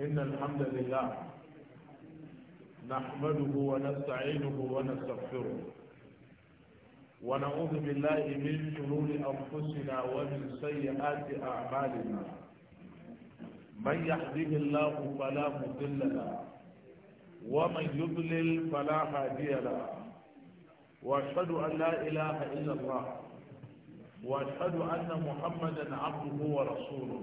إن الحمد لله نحمده ونستعينه ونستغفره ونعوذ بالله من شرور أنفسنا ومن سيئات أعمالنا من يهده الله فلا مضل له ومن يضلل فلا هادي له واشهد ان لا اله الا الله واشهد ان محمدا عبده ورسوله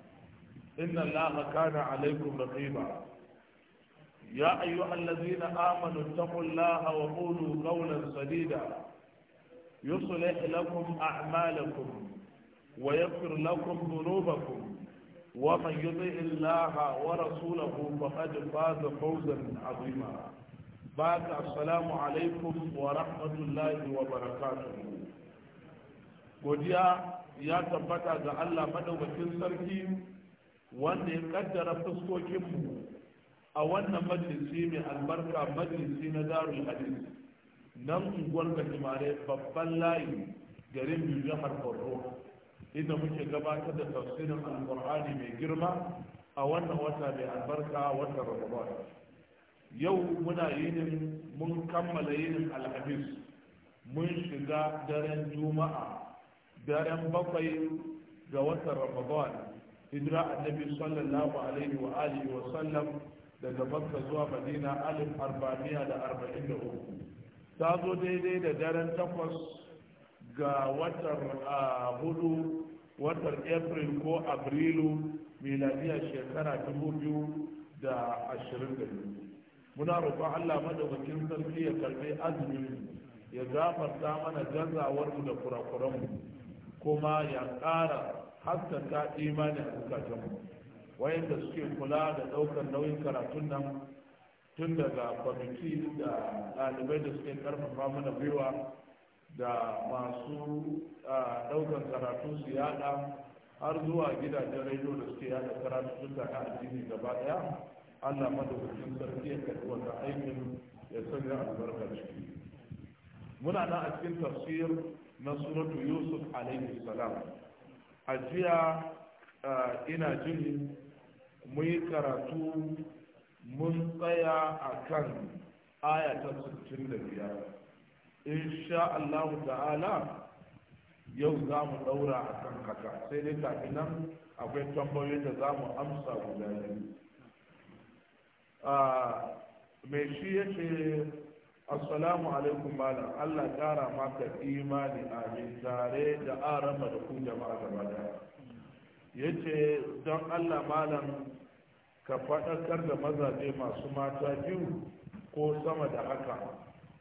inna allaha kana alaikum raqiba ya ayyuha allazina amanu taqullaha wa qulu qawlan sadida yuslih lakum a'malakum wa yaghfir lakum ومن يطع الله ورسوله فقد فاز فوزا عظيما بعد السلام عليكم ورحمة الله وبركاته godiya ya tabbata ga Allah madaukakin sarki wanda ya kaddara fuskokinmu a wannan majalisi mai albarka majalisi na darul hadis nan unguwar gajimare babban layi garin biyu jihar borno inda muke gabatar da tafsirin alkur'ani mai girma a wannan wata mai albarka watan ramadan yau muna yinin mun kammala yinin alhamis mun shiga daren juma'a daren bakwai ga watan ramadan hijira annabi sallallahu alaihi wa alihi wa sallam daga makka zuwa madina alif arba'in da arba'in da uku ta zo daidai da daren takwas ga watan hudu watan april ko abrilu miladiya shekara dubu biyu da ashirin da biyu muna roƙon allah madawacin sarki ya karbi azumin ya gafarta mana gazawarmu da kurakuranmu kuma ya ƙara haskaka imani a zukatanmu wayanda suke kula da ɗaukar nauyin karatun nan tun daga kwamiti da ɗalibai da suke karfafa mana gwiwa da masu ɗaukar karatu su yada har zuwa gidajen rediyo da suke yada karatun na addini gaba ɗaya allah madaukakin sarki ya karɓi wannan aikin ya sanya albarka ciki muna nan a cikin tafsir na suratu yusuf alaihi salam a jiya ina jin mu yi karatu mun tsaya a kan aya ta In insha Allahu ta'ala yau za mu daura a kan haka sai dai kafin nan akwai tambayoyi da za mu amsa guda biyu mai shi yake assalamu alaikum malam allah kara maka imani amin tare da arama da kun jama'a da daya ya ce don allah malam ka faɗakar da mazaje masu mata biyu ko sama da haka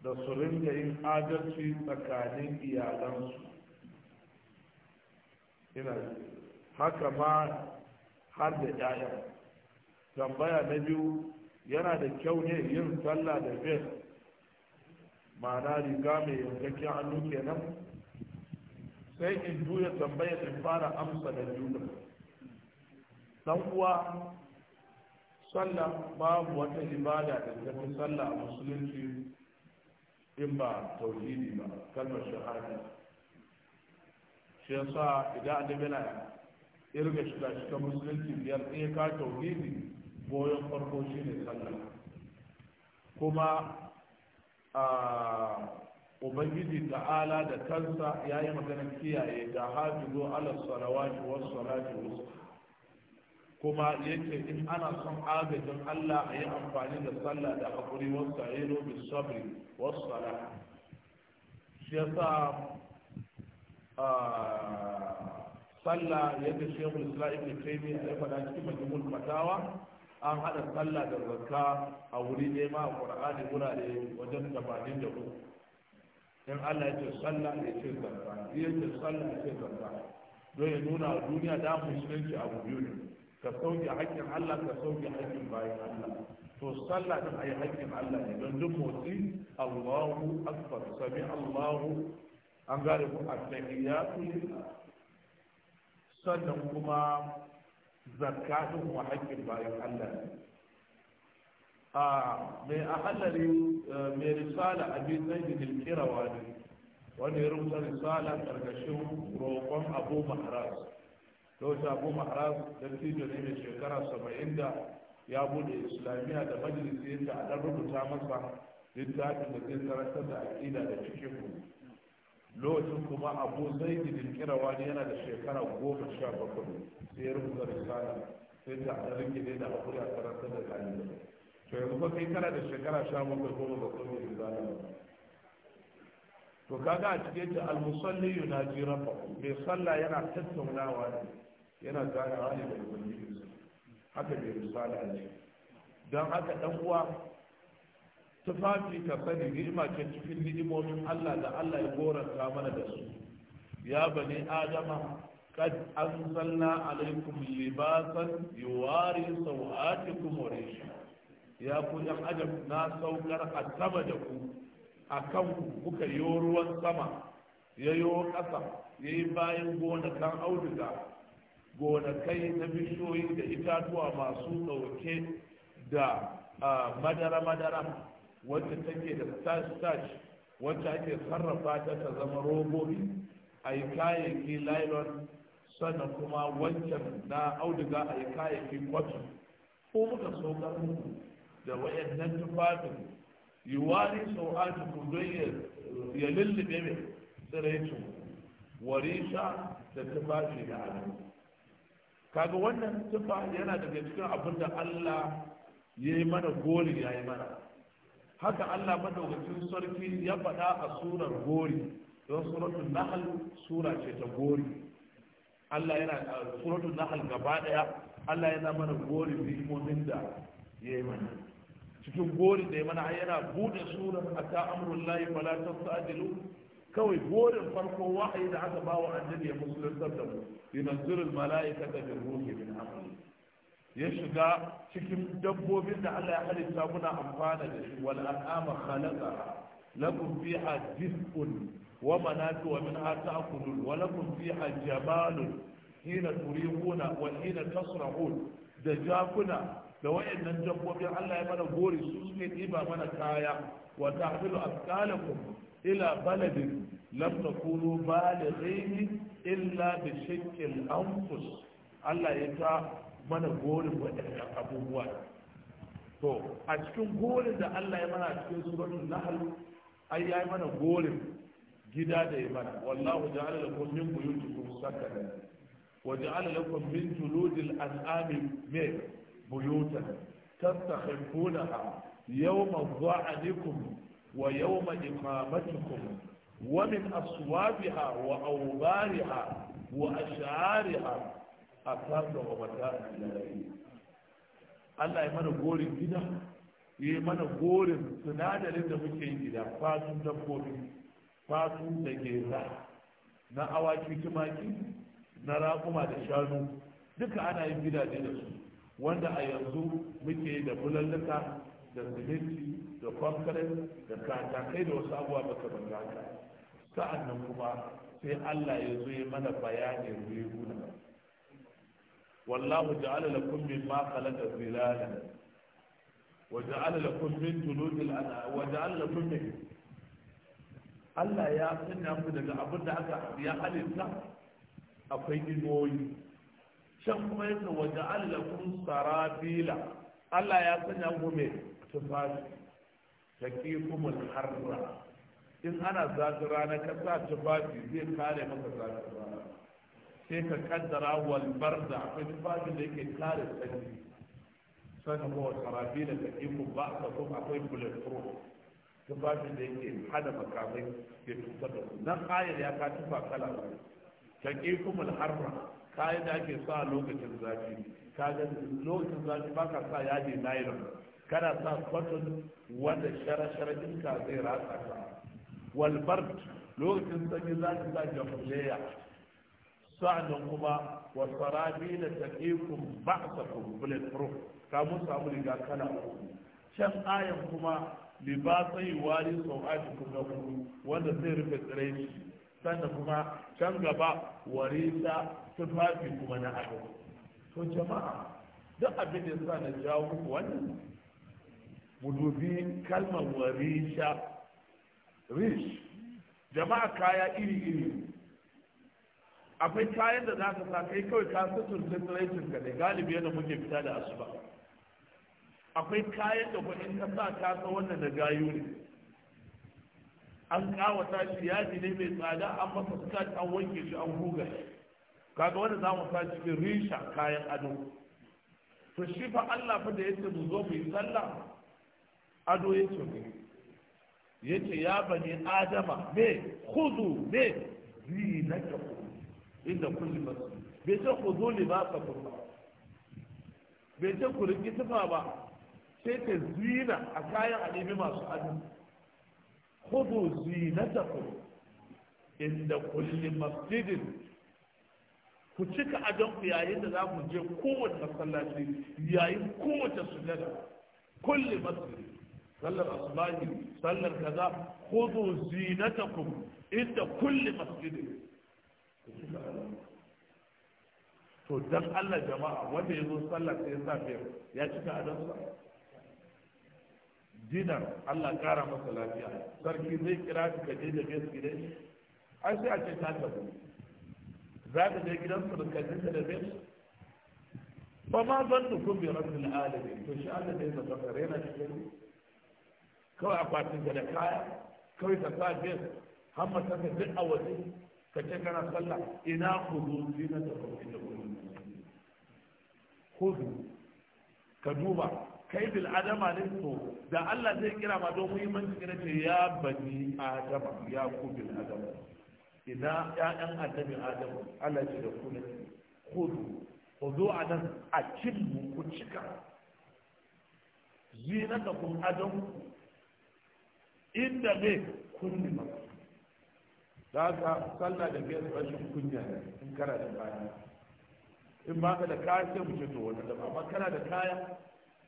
da su rinka yin adalci tsakanin iyalansu ina haka ma har da 'ya'ya tambaya na biyu yana da kyau ne yin sallah da biyar. ma'ana riga mai yankakken hannu kenan sai in juya tambayar in fara amsa da juna dan uwa sallah babu wata ibada da tafi sallah a musulunci in ba tauhidi ba kalmar shahada shi yasa idan dabe yana irga shiga shiga musulunci biyar ɗaya ka tauhidi goyon farko shi ne sallah kuma ubangiji ta'ala da kansa ya yi maganar kiyaye da hafizu ala salawati wa salati kuma yake in ana son agajin Allah a yi amfani da sallah da haƙuri wasu sa'ilu bi sabri wasu sala shi sa sallah yadda shekul islam ibn taymiyyah ya faɗa cikin majmu'ul fatawa an haɗa sallah da zakka a wuri ne ma a ƙur'ani wurare wajen tamanin da uku in Allah ya ce sallah ya ce zakka ya ce sallah ya ce zakka don ya nuna a duniya da musulunci abu biyu ne ka sauke haƙƙin Allah ka sauke haƙƙin bayan Allah to sallah a yi haƙƙin Allah ne don duk motsi Allahu akbar sami Allahu an gane ku at-tahiyatu lillah sannan kuma zakka ɗin wa haƙƙin bayan Allah a mai ahallari eh, mai risala abin zaidin al-kirawa ne Wani ya rubuta risala karkashin roƙon abu maharaz lokacin abu maharaz da tijo ne mai shekara saba'in da ya bude islamiyya da majalisi yadda a ɗan rubuta masa littafin da zai karantar da aƙida da cikin lokacin kuma abu zai gidin kirawa ne yana da shekara goma sha bakwai sai ya rubuta risala sai ta a rikide da abu ya karanta da da to yanzu ba kai kana da shekara sha bakwai goma ba kuma risala ba to kaga a cikin ta almusalli ji rabba mai sallah yana tattaunawa ne yana ganawa ne da ubangiji haka mai risala ne don haka dan uwa tufafi ka bari rima cikin hidimomin Allah da Allah ya goranta mana da su ya bani adama kad anzalna alaikum libasan yuwari sawatikum wa ya ku yan adam na saukar a sama da ku a kan ku kuka yi ruwan sama ya yi ƙasa ya yi bayan gonakan auduga gonakai na bishoyi da itatuwa masu ɗauke da ah, madara-madara wacce take da stash-stash wacce ake sarrafa ta ta zama robobi a yi kayayyaki nylon sannan kuma wancan na auduga a yi kayayyaki cotton ko muka so muku da wayannan tufafin yi wari sau ku ya lullube mai tsiraicin warisha da tufafi da hannu kaga wannan tufa yana daga cikin abin da Allah ya yi mana goli ya yi mana haka Allah madaukakin sarki ya faɗa a surar gori don suratul Nahal sura ce ta gori Allah yana suratul Nahal gaba daya Allah yana mana gori ni'imomin da ya yi mana cikin gori da ya mana yana bude surar ata amrul lahi fala tasadilu kawai gorin farko wahayi da aka bawa annabi ya musulunta da mu yunzilul malaikata bil ruhi min amri ya shiga cikin dabbobin da Allah ya halitta muna amfana da shi wal an'ama khalaqa lakum fiha dif'un wa manatu wa minha ta'kulun wa lakum fiha jamalun hina turihuna wa hina tasrahun da jakuna da wayannan dabbobin Allah ya mana gori su suke diba mana kaya wa tahmilu asqalakum ila baladin lam takunu balighihi illa bi shakkil anfus Allah ya ta mana gorin waɗannan abubuwa to a cikin gorin da Allah ya mana a cikin suratul nahl ai ya mana gorin gida da ya mana wallahu ja'ala lakum min buyutikum sakana wa ja'ala lakum min juludil an'ami min buyutan tastakhifunaha yawma dha'anikum wa yawma iqamatikum wa أصوابها وأوبارها وأشعارها asasa wa mata Allah ya mana gorin gida ya yi mana gorin sinadarin da muke yi gida fatun dabbobi fasun da geza na awaki tumaki na raƙuma da shanu duka ana yin gidaje da su wanda a yanzu muke da bulalluka da siminti da kwankare da katakai da wasu abubuwa makamanta haka sa'an nan kuma sai Allah ya zo ya mana bayanin riguna wallahu ja'ala lakum mimma khalaqa zilalan wa ja'ala lakum min juludil an'am wa ja'ala lakum Allah ya sanya ku daga abin da aka ya halitta akwai inuwoyi can kuma yake waje allakun sarabila Allah ya sanya ku mai tufafi ta kuma harra in ana zafi rana ka sa tufafi zai kare maka zafi rana sai ka kaddara wal barza akwai tufafin da yake kare sanyi sannan kuma sarabi da ku ba ka so akwai bullet proof tufafin da yake hada makamai ke tutar da su nan ayar ya ka tufa kala ba ta'ikum al harra kayan da ake sa lokacin zafi kaga lokacin zafi ba ka sa yaji nylon kana sa cotton wanda shara-shara ɗinka zai ratsa ka walbar lokacin sanyi za ka sa jamhuriya sa'annan kuma wa sarabi na taqikum ba'sakum bullet proof ka mun samu riga kana uku can ayan kuma libasai wari sau'atikum na kuma wanda zai rufe tsirai sannan kuma can gaba warisa tufafi kuma na ado to jama'a duk abin da sa na jawo muku wannan mu dubi kalmar warisha rish jama'a kaya iri iri akwai kayan da za ka sa kai kawai ka sutur sirritin ka ne galibi yadda muke fita da asuba akwai kayan da kuma ka sa ka sa wannan da gayu ne an kawata shi yaji ne mai tsada an masa an wanke shi an huga shi kaga wanda za mu sa cikin risha kayan ado to shi fa Allah fa da yace mu zo mu yi sallah ado yace ne yace ya bani adama me khudu me zinatakum inda kulli masu bai ce ku zo libasa ku. bai ce ku rinki tufa ba sai ta zina a kayan alimi masu adu kudu zinata ku inda kulli masjidin ku cika adon ku yayin da za ku je kowace masallaci yayin kowace sujada kulli masjidin sallar asubahi sallar kaza kudu zinata ku inda kulli masjidin to dan Allah jama'a wanda ya zo sallah sai ya ya cika adansa dinar Allah kara masa lafiya sarki zai kira ka kaje da gaske dai. shi ai sai a ce ta tabu za ka je gidan su da je da gaisu fa ma kun bi rabbil alamin to shi Allah zai zaka kare na cikin kawai akwatin da kaya kawai ta sa gaske hamma ta ka duk a waje ka ce kana sallah ina kudu zina da kudu da kudu kudu ka duba kai bil adama ne to da Allah zai kira ma don muhimmanci kira ce ya bani adama ya ku bil adama ina ya'yan adamin adama Allah ce da ku ne kudu ku zo a nan a cilmu ku cika zinata kun adam inda ne kulli masu da haka sallah da biyar rashin kunya in kana da kaya in ba ka da kaya sai mu ce to wani da amma kana da kaya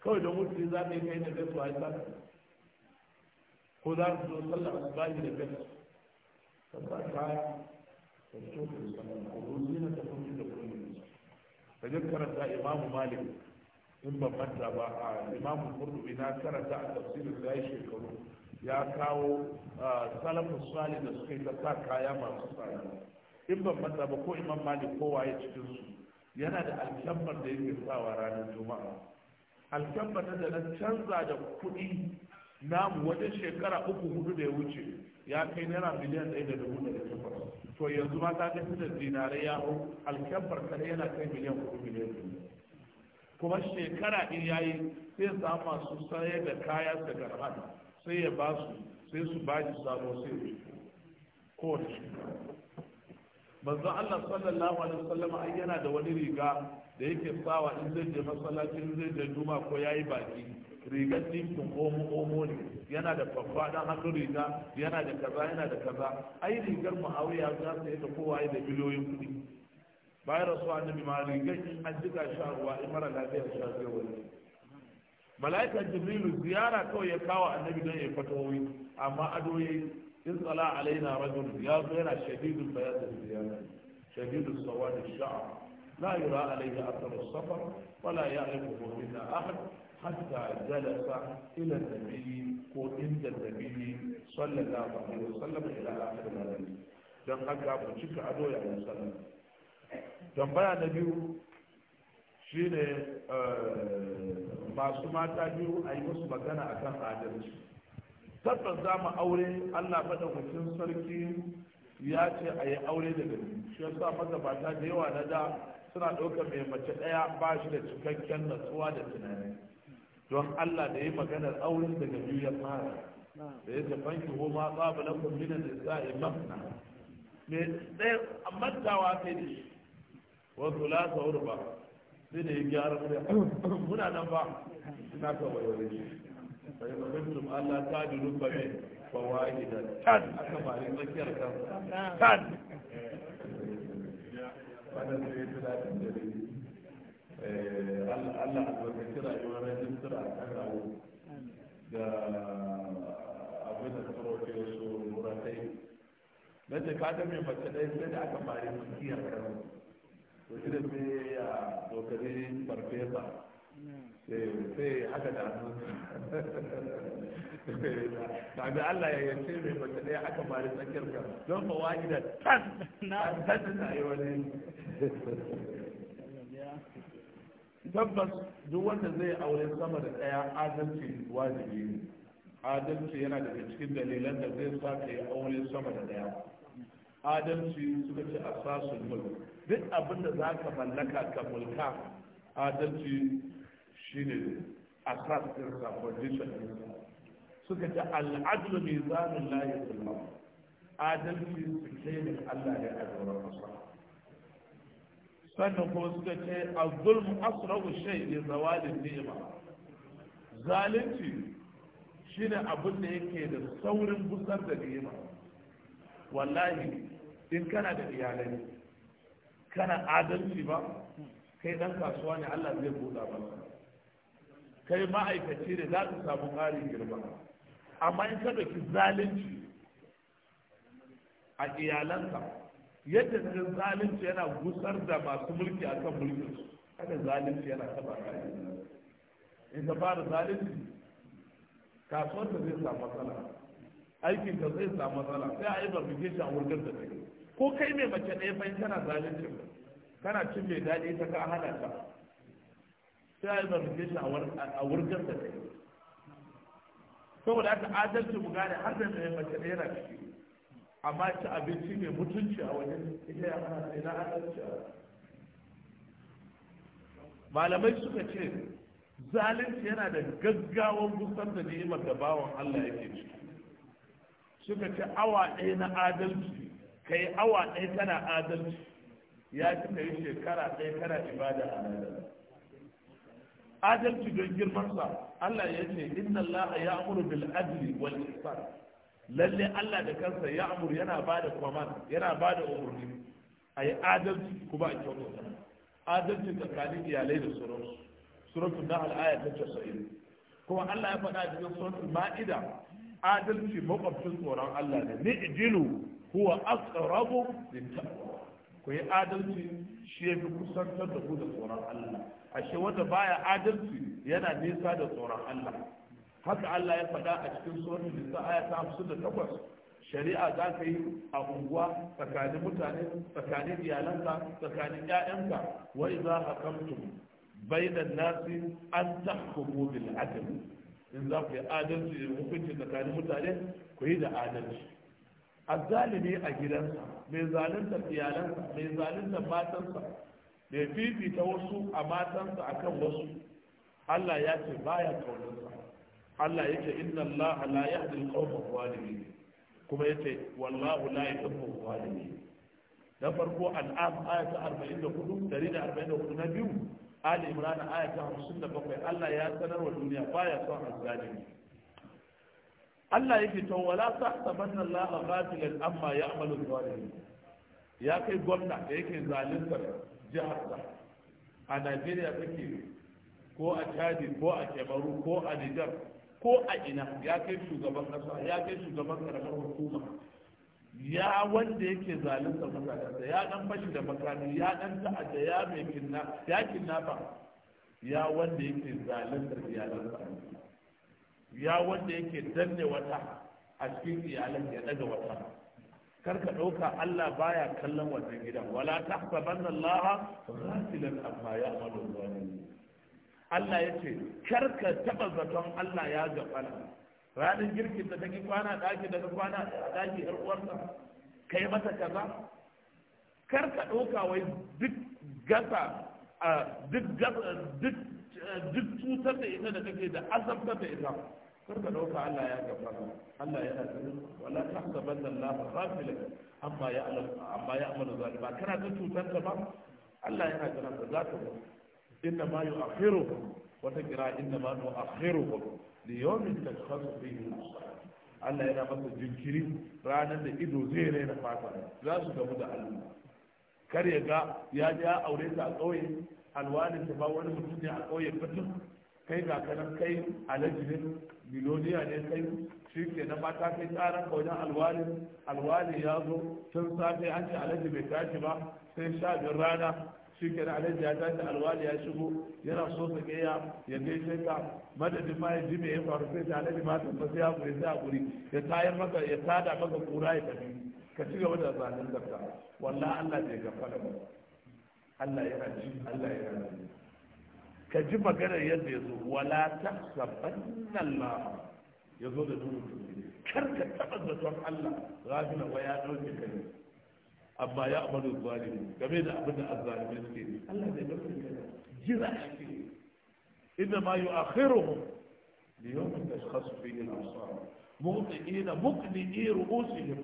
kawai da mutum za ka yi kai da biyar su a sallah ko za ka zo sallah da asubahi da biyar ka sa kaya ka fito ka sallah ko rosina ta fito da kullum ka je karanta imamu malik in ba manta ba a imamu qurtubi na karanta a tafsirin da ya shekaru ya kawo salafin salih da suka yi ta sa kaya masu tsari in ban manta ba ko imam mali ko waye cikin su yana da alkyambar da yake sawa ranar juma'a alkyambar da na canza da kuɗi namu wajen shekara uku hudu da ya wuce ya kai naira miliyan ɗaya da dubu ɗari takwas to yanzu ma ta kai da dinarai ya hau alkyambar kare yana kai miliyan hudu miliyan biyu kuma shekara in yayi sai samu masu sayar da kaya daga garba sai ya ba su sai su ba shi sabo sai su kowace Allah sallallahu alaihi wasallam ai yana da wani riga da yake sawa in zai je masallaci in zai je juma ko yayi baki rigar dinkin omo omo ne yana da dan hannun riga yana da kaza yana da kaza ai rigar muawiya za ta yi da kowa da biliyoyin kuɗi bayan rasuwa annabi ma rigar in an jika sha ruwa in mara lafiya sha zai mala'ika jibrilu ziyara kawai ya kawo annabi don ya fatawoyi amma ado yayi in tsala alaina rajul ya zo yana shadidul bayad ziyara shadidul sawad sha'a la yura alayhi athar as-safar wa la ya'rifu minna ahad hatta jalasa ila an-nabi ko inda an-nabi sallallahu alaihi sallam ila akhir al-hadith dan haka mu cika ado ya sallallahu dan na biyu shine eh, masu mata biyu a yi musu magana a kan adalci tabbas za mu aure allah faɗa mutum sarki ya ce a yi aure da gari shi yasa magabata da yawa na da suna ɗaukar mai mace ɗaya ba shi da cikakken natsuwa da tunani don allah da yi maganar auren daga biyu ya fara da ya ki ko ma tsabu na kummina da yi mafna mai ɗaya mantawa sai da shi wasu lasa urba sai da ya gyara mu muna nan ba ina ka wayoyi sai ba mutum Allah ta ji rufa ne fa wahida tan aka bare tsakiyar kan tan wannan sai ya tura da dare eh Allah Allah ya kira yawan rajin tura kan rawo da abin da tsaro ke so muratai dan da ka ga mai fata dai sai da aka bare tsakiyar kan to shi da sai ya tsokari farfesa sai haka da ta da Allah ya yance mai mace ɗaya haka bari tsakiyar ka don ba wani da tan na tan na yi wani tabbas duk wanda zai aure sama da ɗaya adalci wajibi ne adalci yana daga cikin dalilan da zai sa ka yi aure sama da ɗaya adalci suka ce asasun mulki duk abin da za ka mallaka ka mulka adalci shi ne a sa condition din sa suka ce al'adlu mizanun la yuzlam adalci ne Allah ya adora masa sannan kuma suka ce a zulm asrahu shay li zawali ni'ma zalunci ne abin da yake da saurin busar da nema wallahi in kana da iyalai kana adalci ba kai dan kasuwa ne Allah zai buɗa ba kai ma'aikaci ne za ka samu ƙarin girma amma in ka ɗauki zalunci a iyalanka yadda ka zalunci yana gusar da masu mulki a kan mulkinsu kada zalunci yana taɓa ka in ka fara zalunci ta zai samu matsala aikinka zai samu matsala sai a yi barbikin shi a wurgar da kai ko kai mai mace ɗaya tana zalunci ba tana cin mai daɗi ta ka hana ta sai a yi mace shi a wurgar da kai saboda haka adalci mu gane har da mai mace ɗaya na ciki amma ci abinci mai mutunci a wajen ita ya hana ta ina adalci malamai suka ce zalunci yana da gaggawan gusar da ni'imar da bawan Allah yake ciki suka ce awa ɗaya na adalci ka yi awa ɗaya tana adalci ya ci ka yi shekara ɗaya tana ibada a nan adalci don girmansa Allah ya ce inna Allah ya amuru bil adli wal ihsan lalle Allah da kansa ya amuru yana bada kwaman yana bada umarni a yi adalci kuma a kyautata adalci tsakanin iyalai da sauransu suratul na aya ta 90 kuma Allah ya faɗa cikin suratul ma'ida adalci makwabcin tsoron Allah ne ni ijilu huwa aqrabu lit-taqwa ku yi adalci shi ya fi kusantar da ku da tsoron Allah ashe wanda baya adalci yana nesa da tsoron Allah haka Allah ya faɗa a cikin surat nisa aya ta 58 shari'a za ka yi a unguwa tsakanin mutane tsakanin iyalanka tsakanin ƴaƴanka wa idza hakamtum bainan nasi an tahkumu bil adl in za ku yi adalci hukunci tsakanin mutane ku yi da adalci azzalimi a gidansa mai zalunta iyalansa mai zalunta matansa mai fifita wasu a matansa akan wasu Allah ya ce baya kaunarsa Allah yake inna Allah la yahdi al-qawma zalimin kuma ya ce, wallahu la yuhibbu zalimin Na farko al'am aya ta 44 144 na biyu ali imran aya ta 57 Allah ya wa duniya baya son azzalimi Allah yake to wala tahsabanna Allah ghafil amma ya amalu zalimin ya kai gwamna da yake zalunta jihar sa a Najeriya take ko a Chadi ko a Kebaru ko a Niger ko a ina ya kai shugaban kasa ya kai shugaban karamar hukuma ya wanda yake zalunta mutanensa ya dan fashi da makami ya dan ta'adda ya mai kinna ya kinna ba ya wanda yake zalunta iyalansa ya wanda yake danne wata a cikin iyalan ya daga wata kar ka ɗauka Allah baya kallon wannan gidan wala tahsabanna Allah ghafilan amma ya zalimin Allah ya ce kar ka taɓa zaton Allah ya gafala ranar girkin da take kwana daki daga kwana daki yar uwarsa kai mata kaza kar ka ɗauka wai duk gasa duk duk duk cutar da ita da kake da azabtar da ita kar ka dauka Allah ya gafara Allah yana sanin wala tahsabanna Allah ghafilan amma ya'lam amma ya'malu zalima kana ta cutar da ba Allah yana jiran da za ta zo inna ma yu'akhiruhum wata kira inna ma yu'akhiruhum li yawmin tashkhasu fihi al-absar Allah yana masa jinkiri ranar da ido zai raina fata za su gamu da Allah kar ya ga ya ji ya aure ta a ƙauye alwalin ta ba wani mutum ne a ƙauyen mutum kai ga kanan kai alaji ne miloniya ne kai shi ke na mata kai tsarin wajen alwalin alwalin ya zo tun safe an ce alaji bai tashi ba sai sha biyar rana shi ke na alaji ya tashi alwali ya shigo yana so su gaya ya gaishe ka madadin ma ya ji me ya faru sai ta alaji ma sun sai ya kuri sai ya kuri ya tayar maka ya tada maka kura ya tafi ka ci gaba da zanen zakka wallahi Allah bai gafara ba Allah yana ji Allah yana ji ka ji maganar yadda ya zo wala ta sabanna Allah ya zo da duhu kar ka taɓa zaton Allah rafina wa ya ɗauke ka ne amma ya amalu zalimi game da abin da azzalimi suke Allah zai bar ka jira shi inna ma yu'akhiruhum li yawmin tashkhasu fihi al-absar muqti'ina muqni'i ru'usihim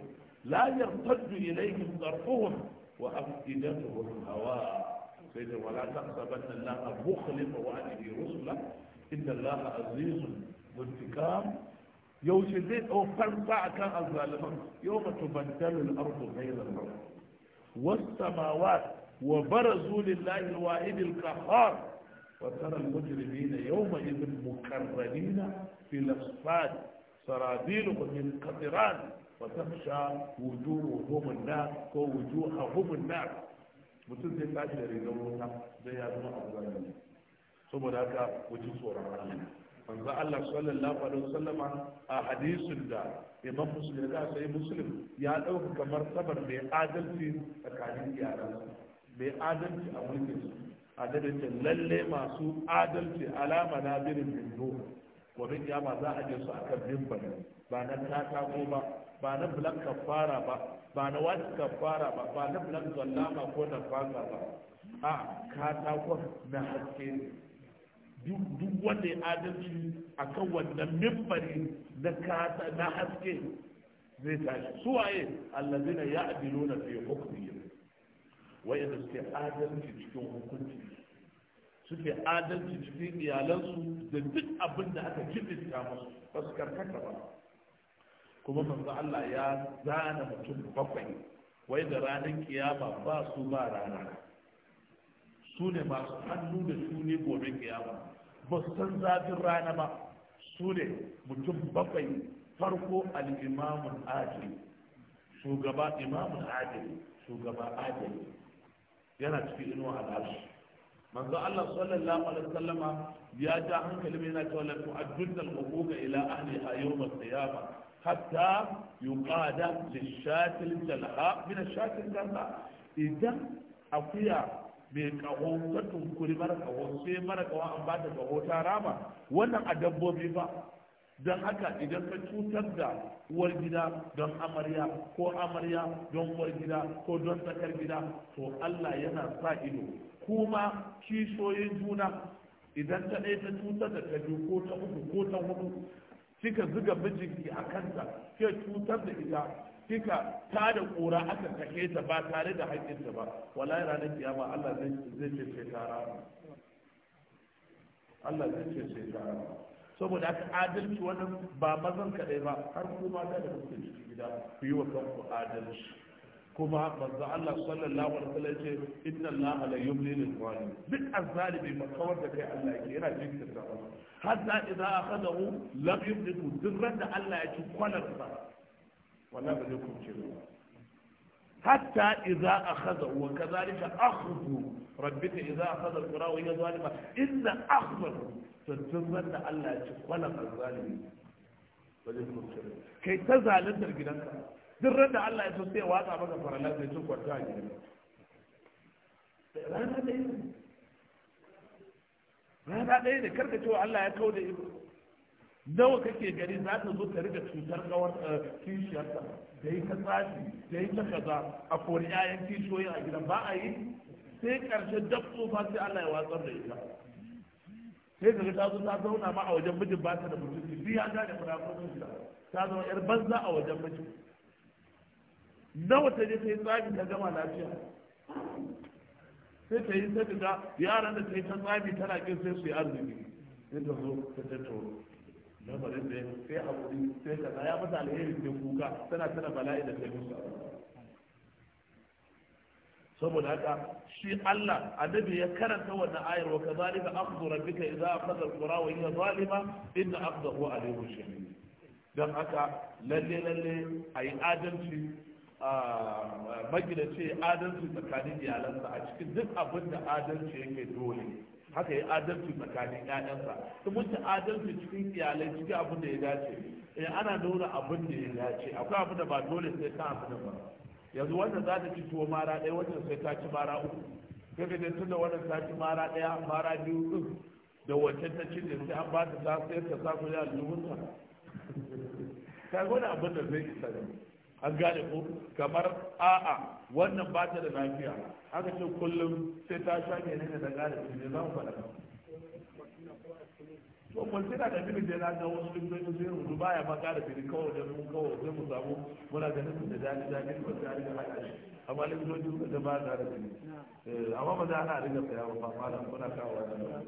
la yartaddu ilayhim darfuhum وأفئدته الهواء سيدي ولا تقصبن الله مخلف وعده رسلا إن الله عزيز بانتكام يو شديد أو فرطع كان الظالمون يوم تبدل الأرض غير الأرض والسماوات وبرزوا لله الواحد القهار وترى المجرمين يومئذ مكرمين في الأصفاد سرابيلهم من قطران fatamsha wujuhuhum an-nar ko wujuhahum an-nar mutum zai tashi da rigar wuta zai ya zama abu zalimi saboda haka wuce tsoron Allah manzo Allah sallallahu alaihi wasallama a hadisin da Imam Muslim da sai Muslim ya dauka kamar sabar mai adalci tsakanin iyalansa mai adalci a mulkin su adalci lalle masu adalci alama na birin bindo gobe kiyama za a je su akan mimbar ba na katako ba ba na bulan kafara ba ba na wasu kafara ba ba na bulan zallama ko na fasa ba a katakon na haske duk wanda ya adalci a kan wannan mimbari na kasa na haske zai tashi suwaye allazina ya adilu na fi hukumi wayanda suke adalci cikin hukunci suke adalci cikin iyalansu da duk abin da aka kibinta musu ba su karkata ba kuma manzo Allah ya zana mutum bakwai wai da ranar kiyama ba su ba rana su ne masu hannu da su ne gobe kiyama ba su san zafin rana ba su ne mutum bakwai farko al'imamun adili shugaba imamun adili shugaba adili yana cikin inuwa al'arshi manzo Allah sallallahu alaihi wasallama ya ja hankali mai na cewa la tu'addun al-huquqa ila ahliha yawm al-qiyamah hatta يقاد da jalha من ashatil idan akuya mai kaho ta tunkuri mara kaho sai mara kaho an ba da kaho ta rama wannan a dabbobi ba don haka idan ka cutar da uwar gida don amarya ko amarya don uwar gida ko don tsakar gida to Allah yana sa ido kuma kishoyin juna idan ta ɗaya ta cutar da ta biyu ko ta uku ko ta hudu kika zuga mijinki a kanta kika cutar da ita kika ta da kura aka kashe ta ba tare da haƙƙinta ba wallahi ranar kiyama Allah zai zai ce ta tara Allah zai ce ta tara saboda aka adalci wannan ba mazan kaɗai ba har kuma da da cikin gida ku yi wa kanku adalci kuma manzo Allah sallallahu alaihi wasallam ce inna Allah la yumli lil zalim duk azzalimi makawar da kai Allah yake yana jinkirta masa hatta idza akhadahu lam yumliku dirran da Allah ya ci kwalarsa wala ba zai kunce ba hatta idza akhadahu wa kadhalika akhdhu rabbika idza akhadha al-qura wa hiya zalima inna akhdahu dirran da Allah ya ci kwalar azzalimi ba zai kunce kai ta zalantar gidanka duk da Allah ya so sai watsa maka farallan da cin kwarta a gidan rana ɗaya ne karka cewa Allah ya kau da ido nawa kake gari za ta zo ta riga cutar kawar eh, kishiyarta da yi ta tsafi da yi ta kaza a kori 'ya'yan kishiyoyi a gidan ba a yi sai ƙarshen dab tsofa sai Allah ya watsar da ita sai daga ta zo ta zauna ma a wajen mijin ba ta da mutunci biya ga da fara ta zama yar banza a wajen mijin nawa ta je ta yi tsabi ta gama lafiya sai ta yi sai ga yaran da ta yi ta tsabi tana kin sai su yi arziki sai ta zo ta tattauna lamarin da sai haƙuri sai ta ya mata alheri sai kuka tana tana bala'i da kai musu saboda haka shi Allah annabi ya karanta wannan ayar wa kazalika akhdhu rabbika idza akhadha al-qura wa hiya zalima inna akhdahu alimun shadid dan haka lalle lalle ayi adalci magidanci adalci tsakanin iyalansa a cikin duk abin da adalci yake dole haka yi adalci tsakanin ƴaƴansa ta mutu adalci cikin iyalai cikin abin da ya dace eh ana nuna abin da ya dace akwai abin da ba dole sai ka abin ba yanzu wannan za ta ci tuwo mara ɗaya wannan sai ta ci mara uku sai ka je tunda wannan ta ci mara ɗaya mara biyu ɗin da wancan ta ci ne sai an ba ta ta sai ta sa kuɗi ya lumunta ka gwada abin da zai isa ne an gane ko kamar a'a wannan ba ta da lafiya haka ce kullum sai ta sha ne ne da gane ne za mu faɗa to mun tana da bibi da na ga wasu duk sai mu ba ya maka da bibi kawai da mu kawai sai mu samu muna ganin da dadi dadi ba ta da haka ne amma ne zo duk da ba da eh amma ba za a riga tsaya ba fa malam kuna kawo wannan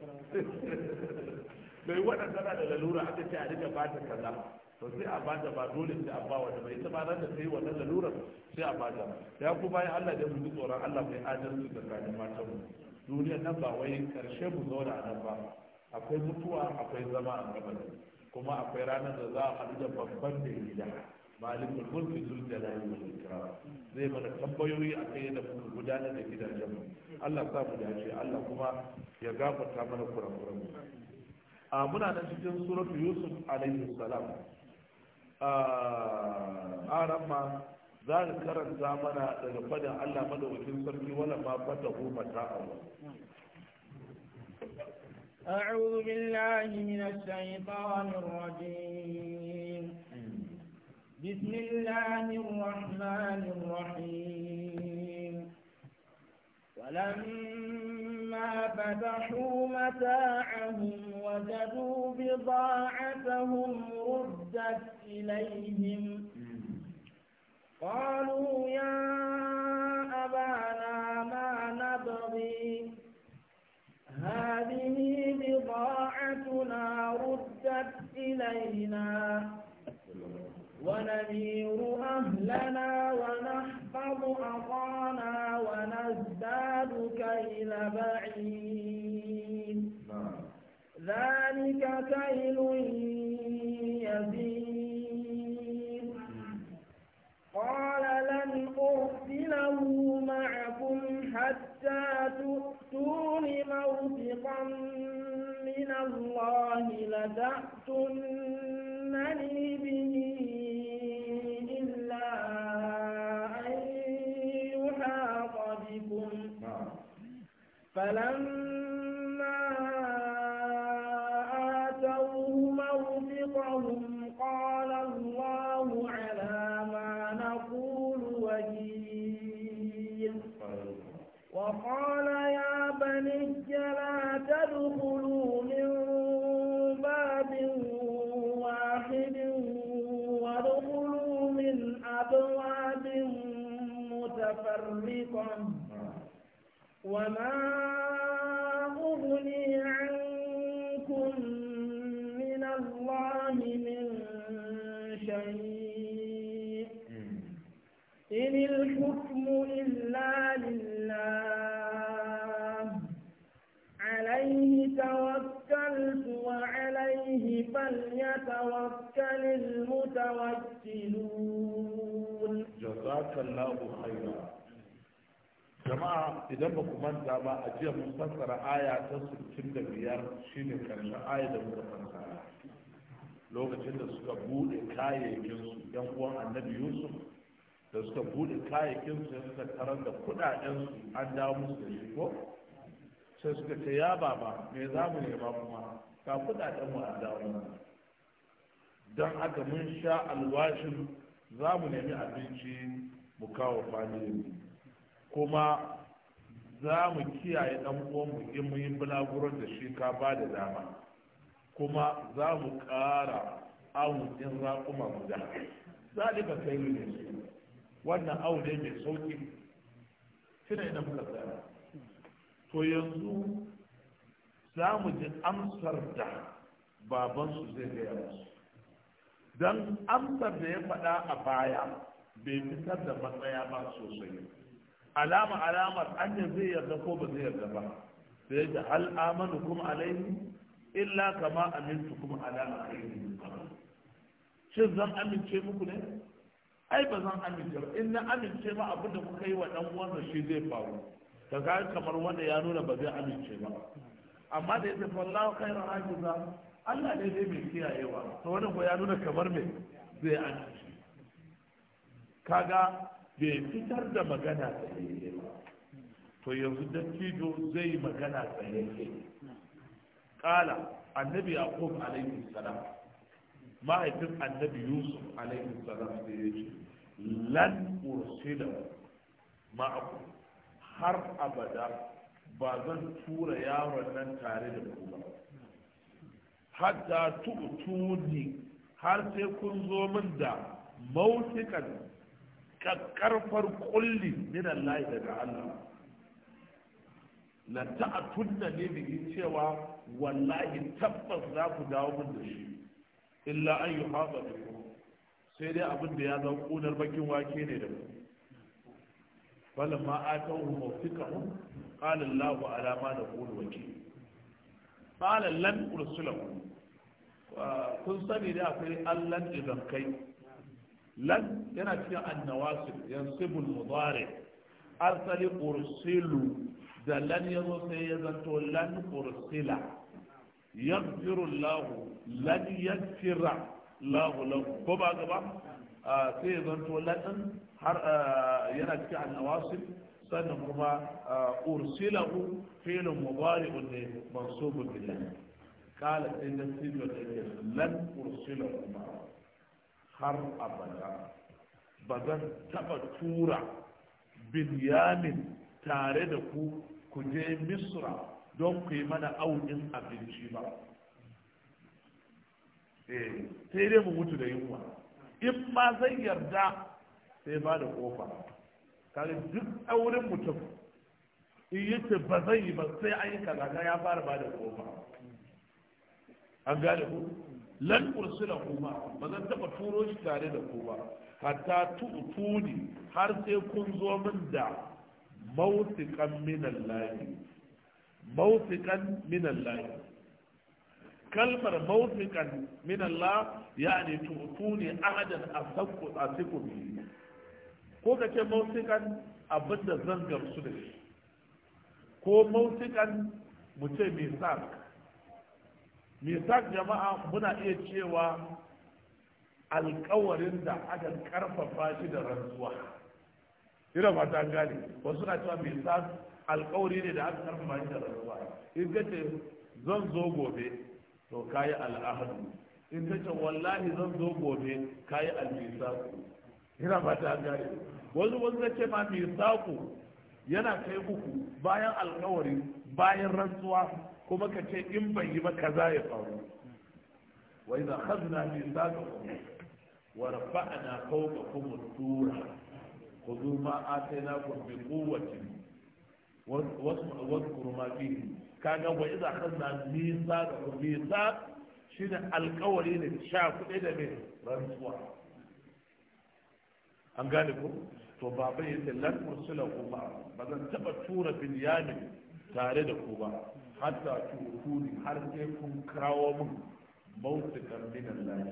bai wannan tana da lalura aka ce a riga ba ta kaza to sai a bada ba dole sai a ba da bai taba ran da sai wannan lalurar sai a bada ya ku bayan Allah da mu tsoron Allah mai adalci tsakanin matan mu duniya nan ba wai karshe mu zauna a nan ba akwai mutuwa akwai zama a gaban kuma akwai ranar da za a haɗu da babban da gida malikul mulki zul jalali wal ikram zai mana tambayoyi kai yadda muka gudanar da gidajen mu Allah sa mu dace Allah kuma ya gafarta mana kurakuran mu a muna nan cikin suratu yusuf alaihi salam a ma za ka karanta mana daga fadin Allah madawacin sarki wala ma fata fatahu mata'ahu أعوذ بالله من الشيطان الرجيم بسم الله الرحمن الرحيم ولما فتحوا متاعهم وجدوا بضاعتهم ردت إليهم قالوا يا أبانا ما نبغي هذه بضاعتنا ردت إلينا ونمير أهلنا ونحفظ أخانا ونزداد كيل بعيد ذلك كيل يزيد قال لن أرسله معكم حتى تؤتون موثقا من الله لَتَأْتُنَّنِي به فلما آتوه موفقهم قال الله على ما نقول وكيل وقال يا بني لا تدخلوا من باب واحد وادخلوا من أبواب متفرقة وما أغني عنكم من الله من شيء إن الحكم إلا لله عليه توكلت وعليه فليتوكل المتوكلون جزاك الله خيرا jama'a idan ba ku manta ba a jiya mun fassara aya ta 65 shine karshen aya da muka fassara lokacin da suka bude kayayyakin su yan uwan annabi yusuf da suka bude kayayyakin su suka tarar da kudaden su an dawo musu da shi ko sai suka ce ya baba me za mu nema kuma ka kudaden mu an dawo mu don haka mun sha alwashin za mu nemi abinci mu kawo mu kuma za mu kiyaye dan uwanmu in mun yi bulaguron da shi ka ba da dama kuma za mu ƙara awun din mu guda zalika kai ne wannan awu ne mai sauƙi tuna ina muka tsara to yanzu za mu ji amsar da babansu zai gaya musu don amsar da ya faɗa a baya bai fitar da matsaya ba sosai alama alamar an yi zai yarda ko ba zai yarda ba sai da hal amanu kuma alaihi illa kama amintu kuma ala akhirin shin zan amince muku ne ai ba zan amince ba in na amince ma abin da kuka yi wa dan uwan shi zai faru ka ga kamar wanda ya nuna ba zai amince ba amma da yake wallahu khairu hajiza Allah ne zai mai kiyayewa to wannan ko ya nuna kamar me zai amince kaga bai fitar da magana tsayayye ba to yanzu dattijo zai magana ne kala annabi yaqub alaihi salam mahaifin annabi yusuf alaihi salam da ya ce lan ursila ma'aku har abada ba zan tura yaron nan tare da ku ba hatta tu'tuni har sai kun zo min da mautikan Ka kakkarfar kulli min Allah daga Allah la ta'tunna ne bigi cewa wallahi tabbas za ku dawo mun da shi illa an yuhaba bikum sai dai abin da ya zama ƙunar bakin wake ne da ku falamma atawhu mawfiqahum qala Allahu ala ma naqulu wakil qala lan ursilahu kun sani da akwai allan idan kai لن ينا النواصب ينصب المضارع أرسل أرسل ذا لن يضطي لن أرسل يغفر الله لن يغفر الله له بابا قبا سيدنا لن آه، ينا النواصب سنهما آه، أرسله فعل مضارع منصوب بالله قال إن السيد لن أرسله har abada ba zan taɓa tura binyamin tare da ku ku je misra don ku yi mana aunin abinci ba eh, sai dai mu mutu da yunwa in ma zai yarda sai ba da kofa kare duk auren mutum in yi ce ba zai yi ba sai an yi kaza ya fara ba da kofa an gane ku lan ursula kuma ba zan taba turo shi tare da ku ba hatta tu'tuni har sai kun zo min da mautikan min Allah mautikan min Allah kalmar mautiqan min Allah yani tu'tuni ahadan asaqu a bi ko ka ce mautikan abinda zan gamsu da shi ko mautikan mu ce mai sa misak jama'a muna iya cewa alkawarin da aka karfafa shi da rantsuwa ina ba ta gane wasu suna cewa misak alkawari ne da aka karfafa shi da rantsuwa in ka ce zan zo gobe to kayi al'ahadu in ka ce wallahi zan zo gobe kayi almisaku ina ba ta gane Wani wani ka ce ma misaku yana kai uku bayan alkawari bayan rantsuwa kuma ka ce in ban yi ba kaza ya faru wa idza khadna min saqakum wa rafa'na fawqakum tura khudhu ma atayna kum bi quwwati wa ma kaga wa idza khadna كان واذا اخذنا ميثاق ميثاق شنو القولي ne sha kuɗi da mai rantsuwa an gane ko to baba yace lan ursula kuma bazan taba tura bin binyamin tare da ku ba hatta tukuni har sai kun kawo min mautukan minan lahi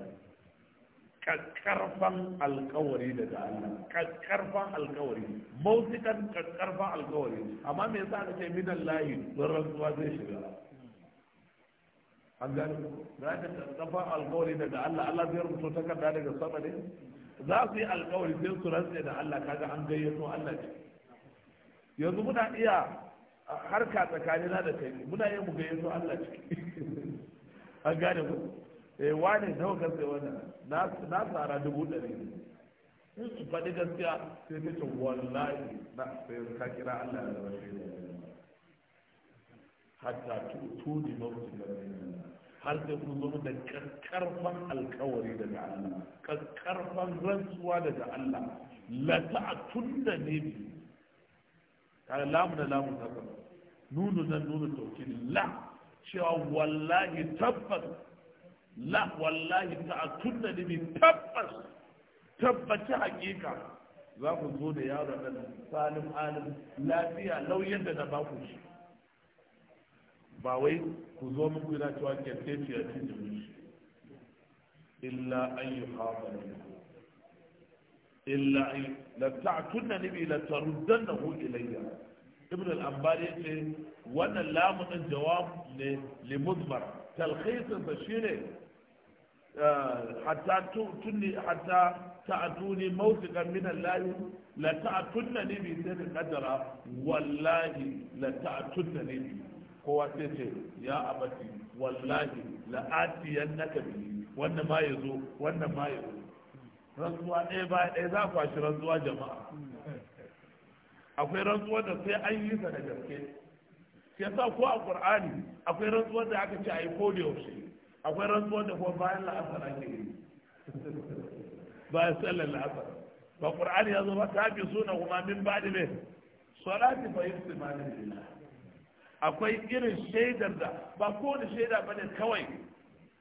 kakkarfan alkawari daga Allah kakkarfan alkawari mautukan kakkarfan alkawari amma me yasa aka ce minan lahi don rantsuwa zai shiga an gani za ka kakkarfan alkawari daga Allah Allah zai rubuto takarda daga sama ne za su yi alkawari sai su rantse da Allah kaga an gayyato Allah ce yanzu muna iya harka tsakanina da kai muna yin mu gayyato Allah ciki an gane ku eh wane nawa ka sai wannan na na tsara dubu ɗari in faɗi gaskiya sai ta ce wallahi na sai ka kira Allah da rashin da hatta ma ku da har sai kun zo da kakkarfan alkawari daga Allah kakkarfan rantsuwa daga Allah la ta'tunna ne kaga lamu da lamu ta kan nunu nan nunu tawkid la cewa wallahi tabbas la wallahi ta ta'tunna bi tabbas tabbaci hakika za ku zo da yaro ɗan salim alim lafiya lauyan da na ba ku shi ba wai ku zo muku yana cewa kyarkeci ya ci jimi illa an yi hafa illa la ta'tunna nabi la taruddannahu ilayya ibn al-ambari yace wannan lamunin jawab ne limudmar talkhisin sa shine hatta a hatta ta'tuni mawthiqan min Allah la ta'tunna ni bi sirri qadara wallahi la ta'tunna ni bi kowa sai ce ya abati wallahi la atiyannaka bi wannan ma wannan ma rantsuwa ɗaya ba ɗaya za a kwashi rantsuwa jama'a akwai rantsuwa da sai an yi sa da gaske shi yasa ko a qur'ani akwai rantsuwa da aka ce a yi kodi yaushe akwai rantsuwa da kuma bayan la'asar ake yi bayan sallar la'asar ba qur'ani ya zama ta fi suna kuma min baɗi ne salati fa yusmanu billah akwai irin shaidar da ba kowane shaida ba ne kawai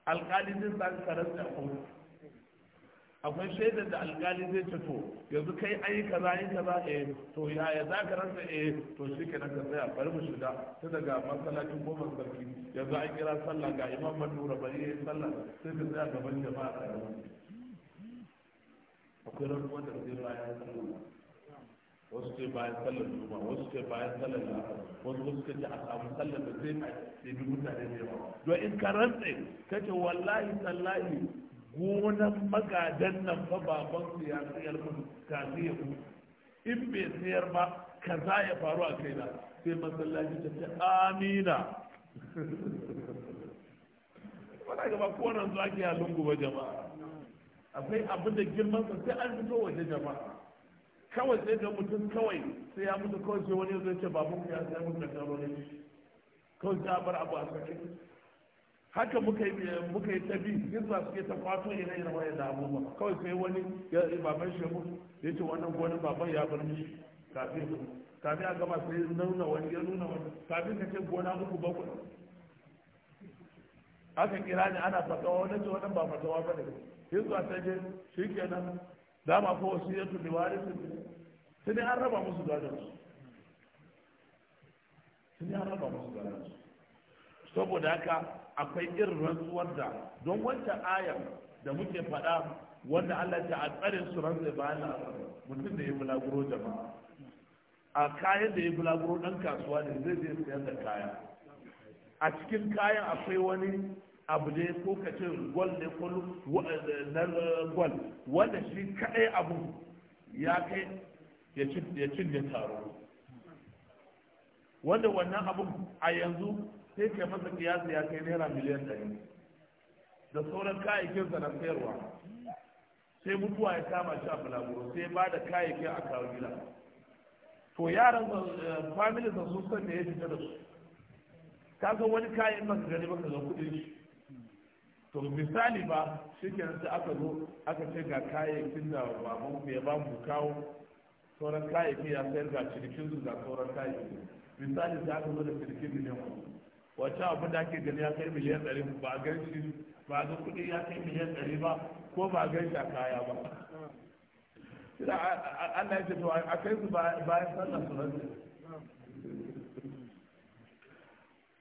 alƙalin zan karanta a kotu akwai shaidar da alkali zai ce to yanzu kai ayi kaza ayi kaza eh to yaya za ka rasa eh to shi ke nan ka tsaya bari mu shiga ta daga masallacin goma sarki yanzu an kira sallah ga imam madura bari yi sallah sai ka tsaya gaban jama'a a yi akwai rantsuwa da zai bayan sallah wasu ce bayan sallar juma wasu ce bayan sallar lahar wasu wasu ce a samu sallar da zai ɗebi mutane da yawa don in ka rantse ka ce wallahi tallahi gonan magadan nan ba baban su ya tsayar mun kafi ya ku in bai sayar ba kaza ya faru a kaina sai masallaci ta ce amina wata gaba kowanan zuwa ke halin gobe jama'a akwai abin da girman sa sai an fito waje jama'a kawai sai ga mutum kawai sai ya mutu kawai sai wani zai ce babu ya sai mutu da kawai sai a bar abu a sakai haka muka yi muka yi tabi yadda suke ta kwato ina ina waye da abubuwa kawai sai wani ya baban shi mu ya ce wannan gonin baban ya bar mishi kafin su kafin a gama sai nuna wani ya nuna wani kafin ka ce gona uku bakwai aka kira ne ana fatawa wani ce wannan ba fatawa ba ne Yanzu ta je shi kenan dama ko wasu ya tuni wani su sai dai an raba musu gadon su sai dai an raba musu gadon su saboda haka akwai irin rantsuwar da don wancan ayar da muke faɗa wanda Allah ta a tsare su rantsai bayan la'asar mutum da ya bulaguro jama'a a kayan da ya bulaguro ɗan kasuwa ne zai je sayar da kaya a cikin kayan akwai wani abu ne ko ka ce gwal ne ko eh, na eh, gwal wanda shi kaɗai abu ya kai ya cinye taro wanda wannan abun a yanzu sai ke masa kiyasi ya kai naira miliyan ɗari da sauran kayayyakin na sayarwa sai mutuwa ya kama shi a bulaguro sai ba da kayayyakin a kawo gida to yaran eh, familin sa sun san da ya fita da su ka san wani kayan masu gani maka ga kuɗin shi to misali ba shi ke sai aka zo aka ce ga kayayyakin da baban ku ya ba mu kawo sauran kayayyakin ya sayar ga cinikin su ga sauran kayayyakin misali sai aka zo da cinikin miliyan kuɗi Wace abin da ake gani ya kai miliyan ɗari ba a gan shi ba ga kuɗi ya kai miliyan ɗari ba ko ba a gan shi a kaya ba Ina Allah ya ce to a kai su bayan sallar su rantsi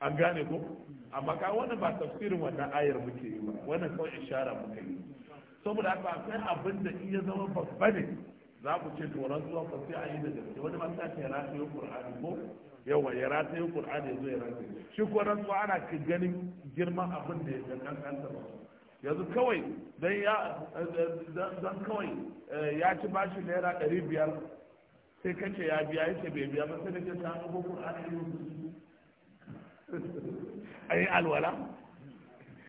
an gane ko amma ka wannan ba tafsirin wannan ayar muke yi ba wannan kawai ishara muke yi saboda haka akwai abin da iya ya zama babba ne za ku ce to zuwa fa a yi da gaske wani ma ta ce rafi Qur'ani ko yawa ya rataye yin yazo ya zo ya rataye shi ko rantsuwa ana ganin girman abin da ya kankanta ba yanzu kawai dan ya dan kawai eh, ya ci bashi naira ɗari biyar sai kace ya biya yake bai biya ba sai da ke samu ko An yi alwala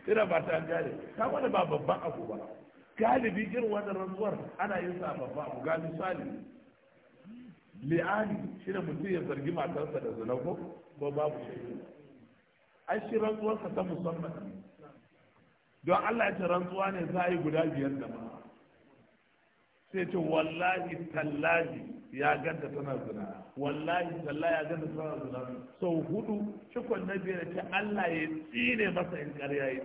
ina ba ta gane ta wani ba babban abu ba galibi irin wannan rantsuwar ana yin sa babban abu ga misali li'ani shi ne mutum ya zargi matarsa da zina ko ko babu shi ai shi rantsuwarsa ta musamman don Allah ya ce rantsuwa ne za a yi guda biyar da ma sai ce wallahi tallahi ya ganta tana zina wallahi tallahi ya ganta tana zina sau hudu cikon na biyar ce Allah ya tsine masa in karya yi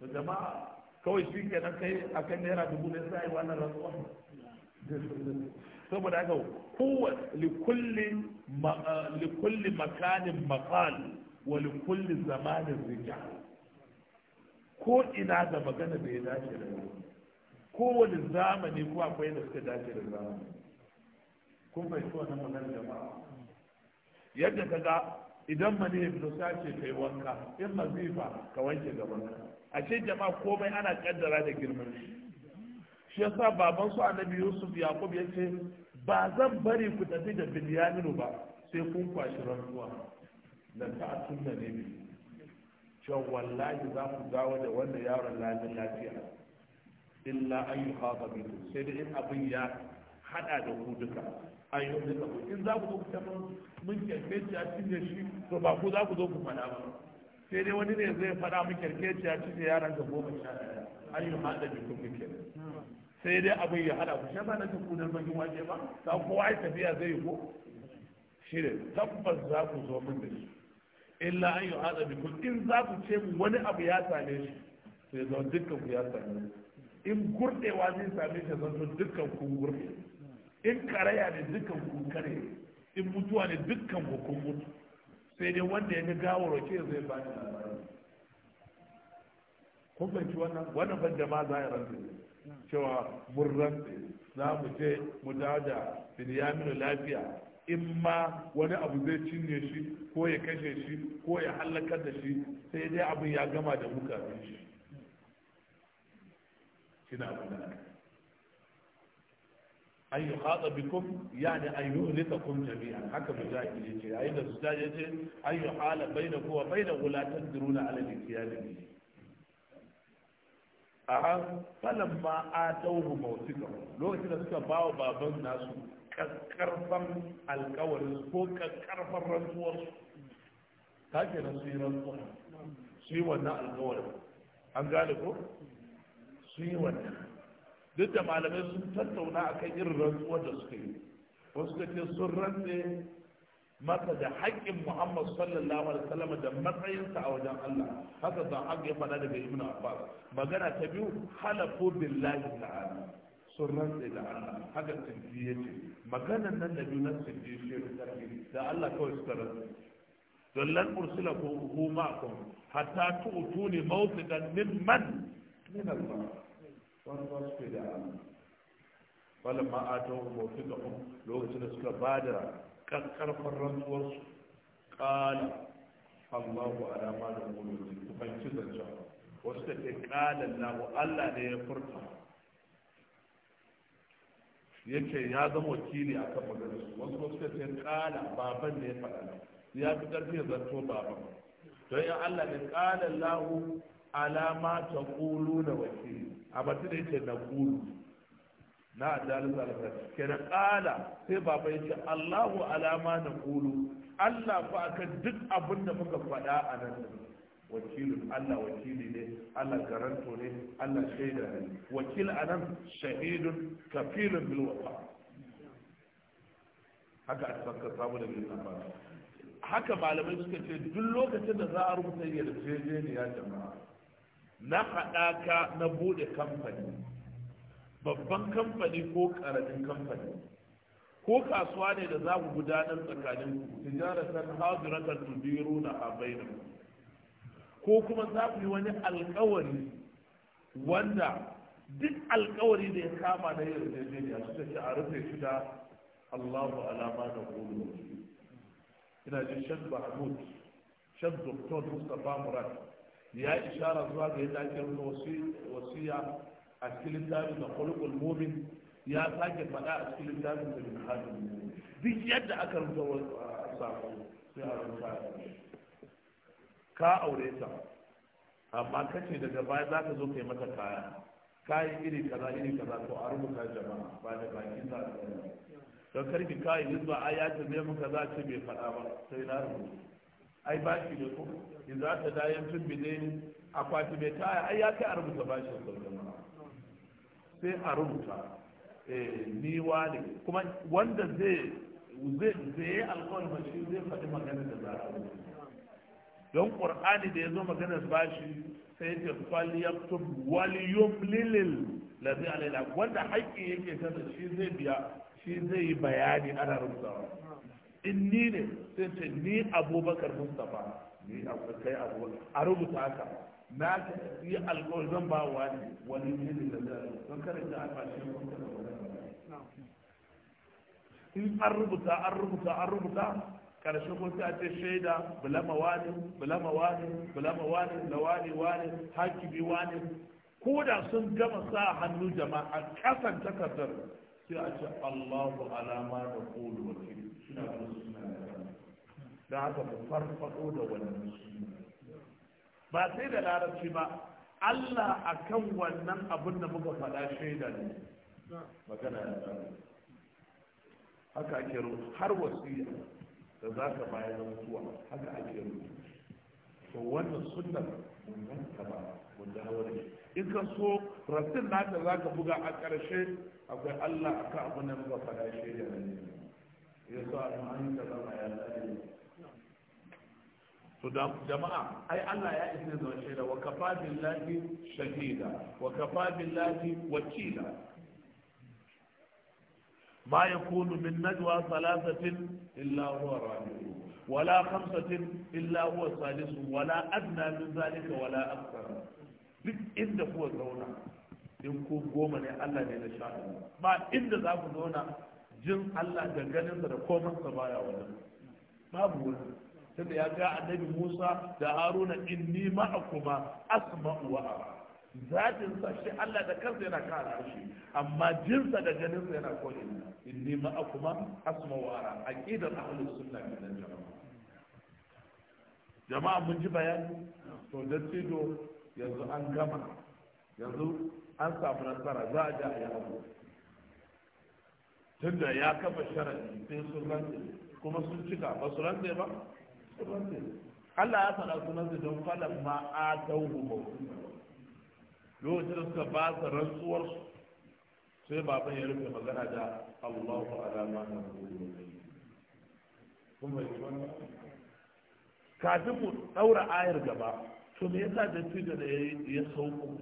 da jama'a kawai shi kenan kai a kan naira dubu ne sai wannan rantsuwa saboda haka kowa likulli eh, makanin makal wa likulli zamanin rija ko ina da magana da ya dace da Ko wani zamani ko akwai da suka dace da zamani kun bai so na magana ba? yadda ka ga idan mani ya fito sace kai wanka in mazifa ka wanke gaban ka A ce jama'a komai ana kaddara da girman shi shi ya sa baban su annabi yusuf yaqub ya ce ba zan bari ku tafi da bilyaminu ba sai kun kwashi rantsuwa da ta tunna ne bi cewa wallahi za ku dawo da wannan yaron lafiyar lafiya illa an yi haɗa biyu sai da in abin ya haɗa da ku duka an yi wani sabo in za ku zo ku tafi mun kyarkeci a cinye shi to ba ku za ku zo ku faɗa ba sai dai wani ne zai faɗa mun kyarkeci a cinye yaron da goma sha ɗaya an yi haɗa ku kuke sai dai abin ya hada ku shafa na tuku da bakin waje ba ta kowa ya tafiya zai yi ko shi ne tabbas za ku zo min da shi illa an yi hada ku in za ku ce mu wani abu ya same shi sai zo dukkan ku ya same shi in gurdewa zai same shi zan dukkan ku gurde in karaya ne dukkan ku kare in mutuwa ne dukkan ku kun mutu sai dai wanda ya ga gawar ke zai ba ni labari kun fahimci wannan wannan ban jama'a za a yi rantsi cewa murran za mu je mu da da binyaminu lafiya in ma wani abu zai cinye shi ko ya kashe shi ko ya halakar da shi sai dai abin ya gama da muka shi shina abin da an yi hatsa bikum ya ne an yi ulita kun jami'a haka mujahid ya ce yayin da su ta ce an yi hala bai da kowa bai da wulatar diruna alal da biyu a falan ma a tauhu mautuka lokacin da suka ba wa baban nasu kakkarfan alkawarin ko kakkarfan rantsuwarsu ta ke nan su yi rantsuwa su yi wannan alkawarin an gane ko su yi wannan duk da malamai sun tattauna akan irin rantsuwar da suka yi wasu ka ce sun rantse masa da haƙƙin Muhammad sallallahu alaihi wasallam da matsayinsa a wajen Allah haka zan haka ya faɗa daga Ibn Abbas magana ta biyu halafu billahi ta'ala sun rantsa da Allah haka tinji yace maganan nan da biyu nan tinji shi da Allah kawai suka rantsa don lan ursila ko huma kun hatta tu'tuni mawthiqan min man min Allah wannan ba su da Allah falamma atawu mawthiqahum lokacin da suka bada karfar rantsuwarsu ƙala Allahu ala ma da mulki ku fahimci zancen wasu da ke ƙala lahu Allah ne ya furta yake ya zama wakili a kan maganar su wasu wasu da ke kala baban ne ya faɗa ya fi ƙarfi zanto baban don ya Allah ne ƙala lahu alama ta kulu na wakili a matu da yake na kulu na adalisa alfa kenan kala sai baba ya ce allahu alama na kulu allah fa aka duk abin da muka faɗa a nan Wakilin allah wakili ne allah garanto ne allah shaida ne wakil a nan shahidun kafilun bil wafa haka a tsakar samu da bin haka malamai suka ce duk lokacin da za a rubuta yarjejeniya jama'a na haɗaka na buɗe kamfani babban kamfani ko karamin kamfani ko kasuwa ne da za ku gudanar tsakanin tijaratan hadiratan tudiru na abainu ko kuma za ku yi wani alkawari wanda duk alkawari da ya kama na yarjejeniya su take a rufe shi da Allahu alama da gudu. ina jin shan Mahmud shan Doktor Mustapha Murad ya ishara zuwa ga yadda ake rufe wasiya a cikin littafin da kulkul mumin ya sake faɗa a cikin littafin da bin hajjin duk yadda aka rubuta sako sai a rubuta ka aure ta amma kace daga baya za ka zo kai mata kaya kayi iri kaza iri kaza to a rubuta jama'a ba da baki za a tsaya da karki kayi nisba ai ya tambaye mu kaza ce bai faɗa ba sai na rubuta ai bashi ne ku. in za ta dayan tun bidai akwati mai kaya ai ya kai a rubuta bashin jama'a sai a rubuta eh, ni wani kuma wanda zai zai yi alkawarin shi zai faɗi magana da za a don ƙur'ani da ya zo magana ba bashi sai ya wali yom lilil lazi alaila wanda haƙƙi yake kansa shi zai biya shi zai yi bayani ana rubutawa in ni ne sai ce ni abubakar mustapha ni kai abubakar a rubuta haka na yi alkawar zan ba wa ne wani ne da zai don kare ta alfa shi in an rubuta an rubuta an rubuta karshe ko sai a ce shaida bulama wani bulama wani bulama wani lawani wani hakibi wani ko da sun gama sa hannu jama'a kasan takardar sai a ce Allahu alama da qulu wakil suna suna da haka farfado da wannan sunna ba sai da larabci ba Allah akan wannan abin da muka faɗa shaida ne magana ya haka ake rubutu har wasiya da za ka bayar da mutuwa haka ake rubutu to wannan sunnar mun yanka ba mun dawo ne. in ka so rasin naka za ka buga a ƙarshe akwai Allah akan abin da muka faɗa shaida ne ya sa an yi kaza ma ya tsare jama'a ai Allah ya isa da shaida wa kafa billahi shahida wa kafa billahi wakila ما يكون من نجوى Salasatin illa هو Rabi'u, wala خمسة illa هو ثالث wala أدنى min ذلك wala أكثر duk inda kuwa zauna in ku goma ne Allah ne da sha'ani. ba inda za ku zauna jin Allah da da komansa baya wannan babu wani tunda ya ga annabi Musa da Haruna inni ma'akuma asma'u wa ara zatin sa shi Allah da kansa yana kara shi amma jinsa da ganin sa yana kone inni ma'akuma asma'u wa ara aqidar ahlus sunna min jama'a jama'a mun ji bayani to da tido yanzu an gama yanzu an samu nasara za a ji a yi abu tunda ya kafa sharadi sai sun rantse kuma sun cika ba su rantse ba Allah ya faɗa su su don faɗa ma a tauhu lokacin da suka ba su rantsuwar sai baban ya rufe magana da Allahu alama na kuma kafin mu ɗaura ayar gaba to me yasa da tunda da ya sauko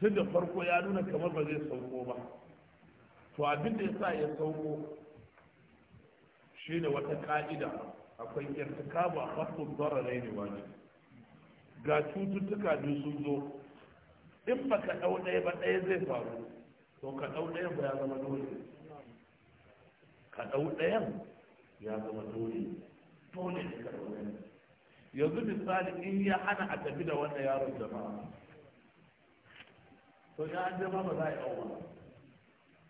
tun da farko ya nuna kamar ba zai sauko ba to abin da ya sa ya sauko shi ne wata ka'ida akwai irtikabu a fasul dararai ne wani ga cututtuka biyu sun zo in ba ka ɗau ɗaya ba ɗaya zai faru to ka ɗau ɗayan ba ya zama dole ka ɗau ɗayan ya zama dole dole ne ka ɗau ɗayan yanzu misali in ya hana a tafi da wannan yaron jama'a to ya an jama'a ba za a yi aure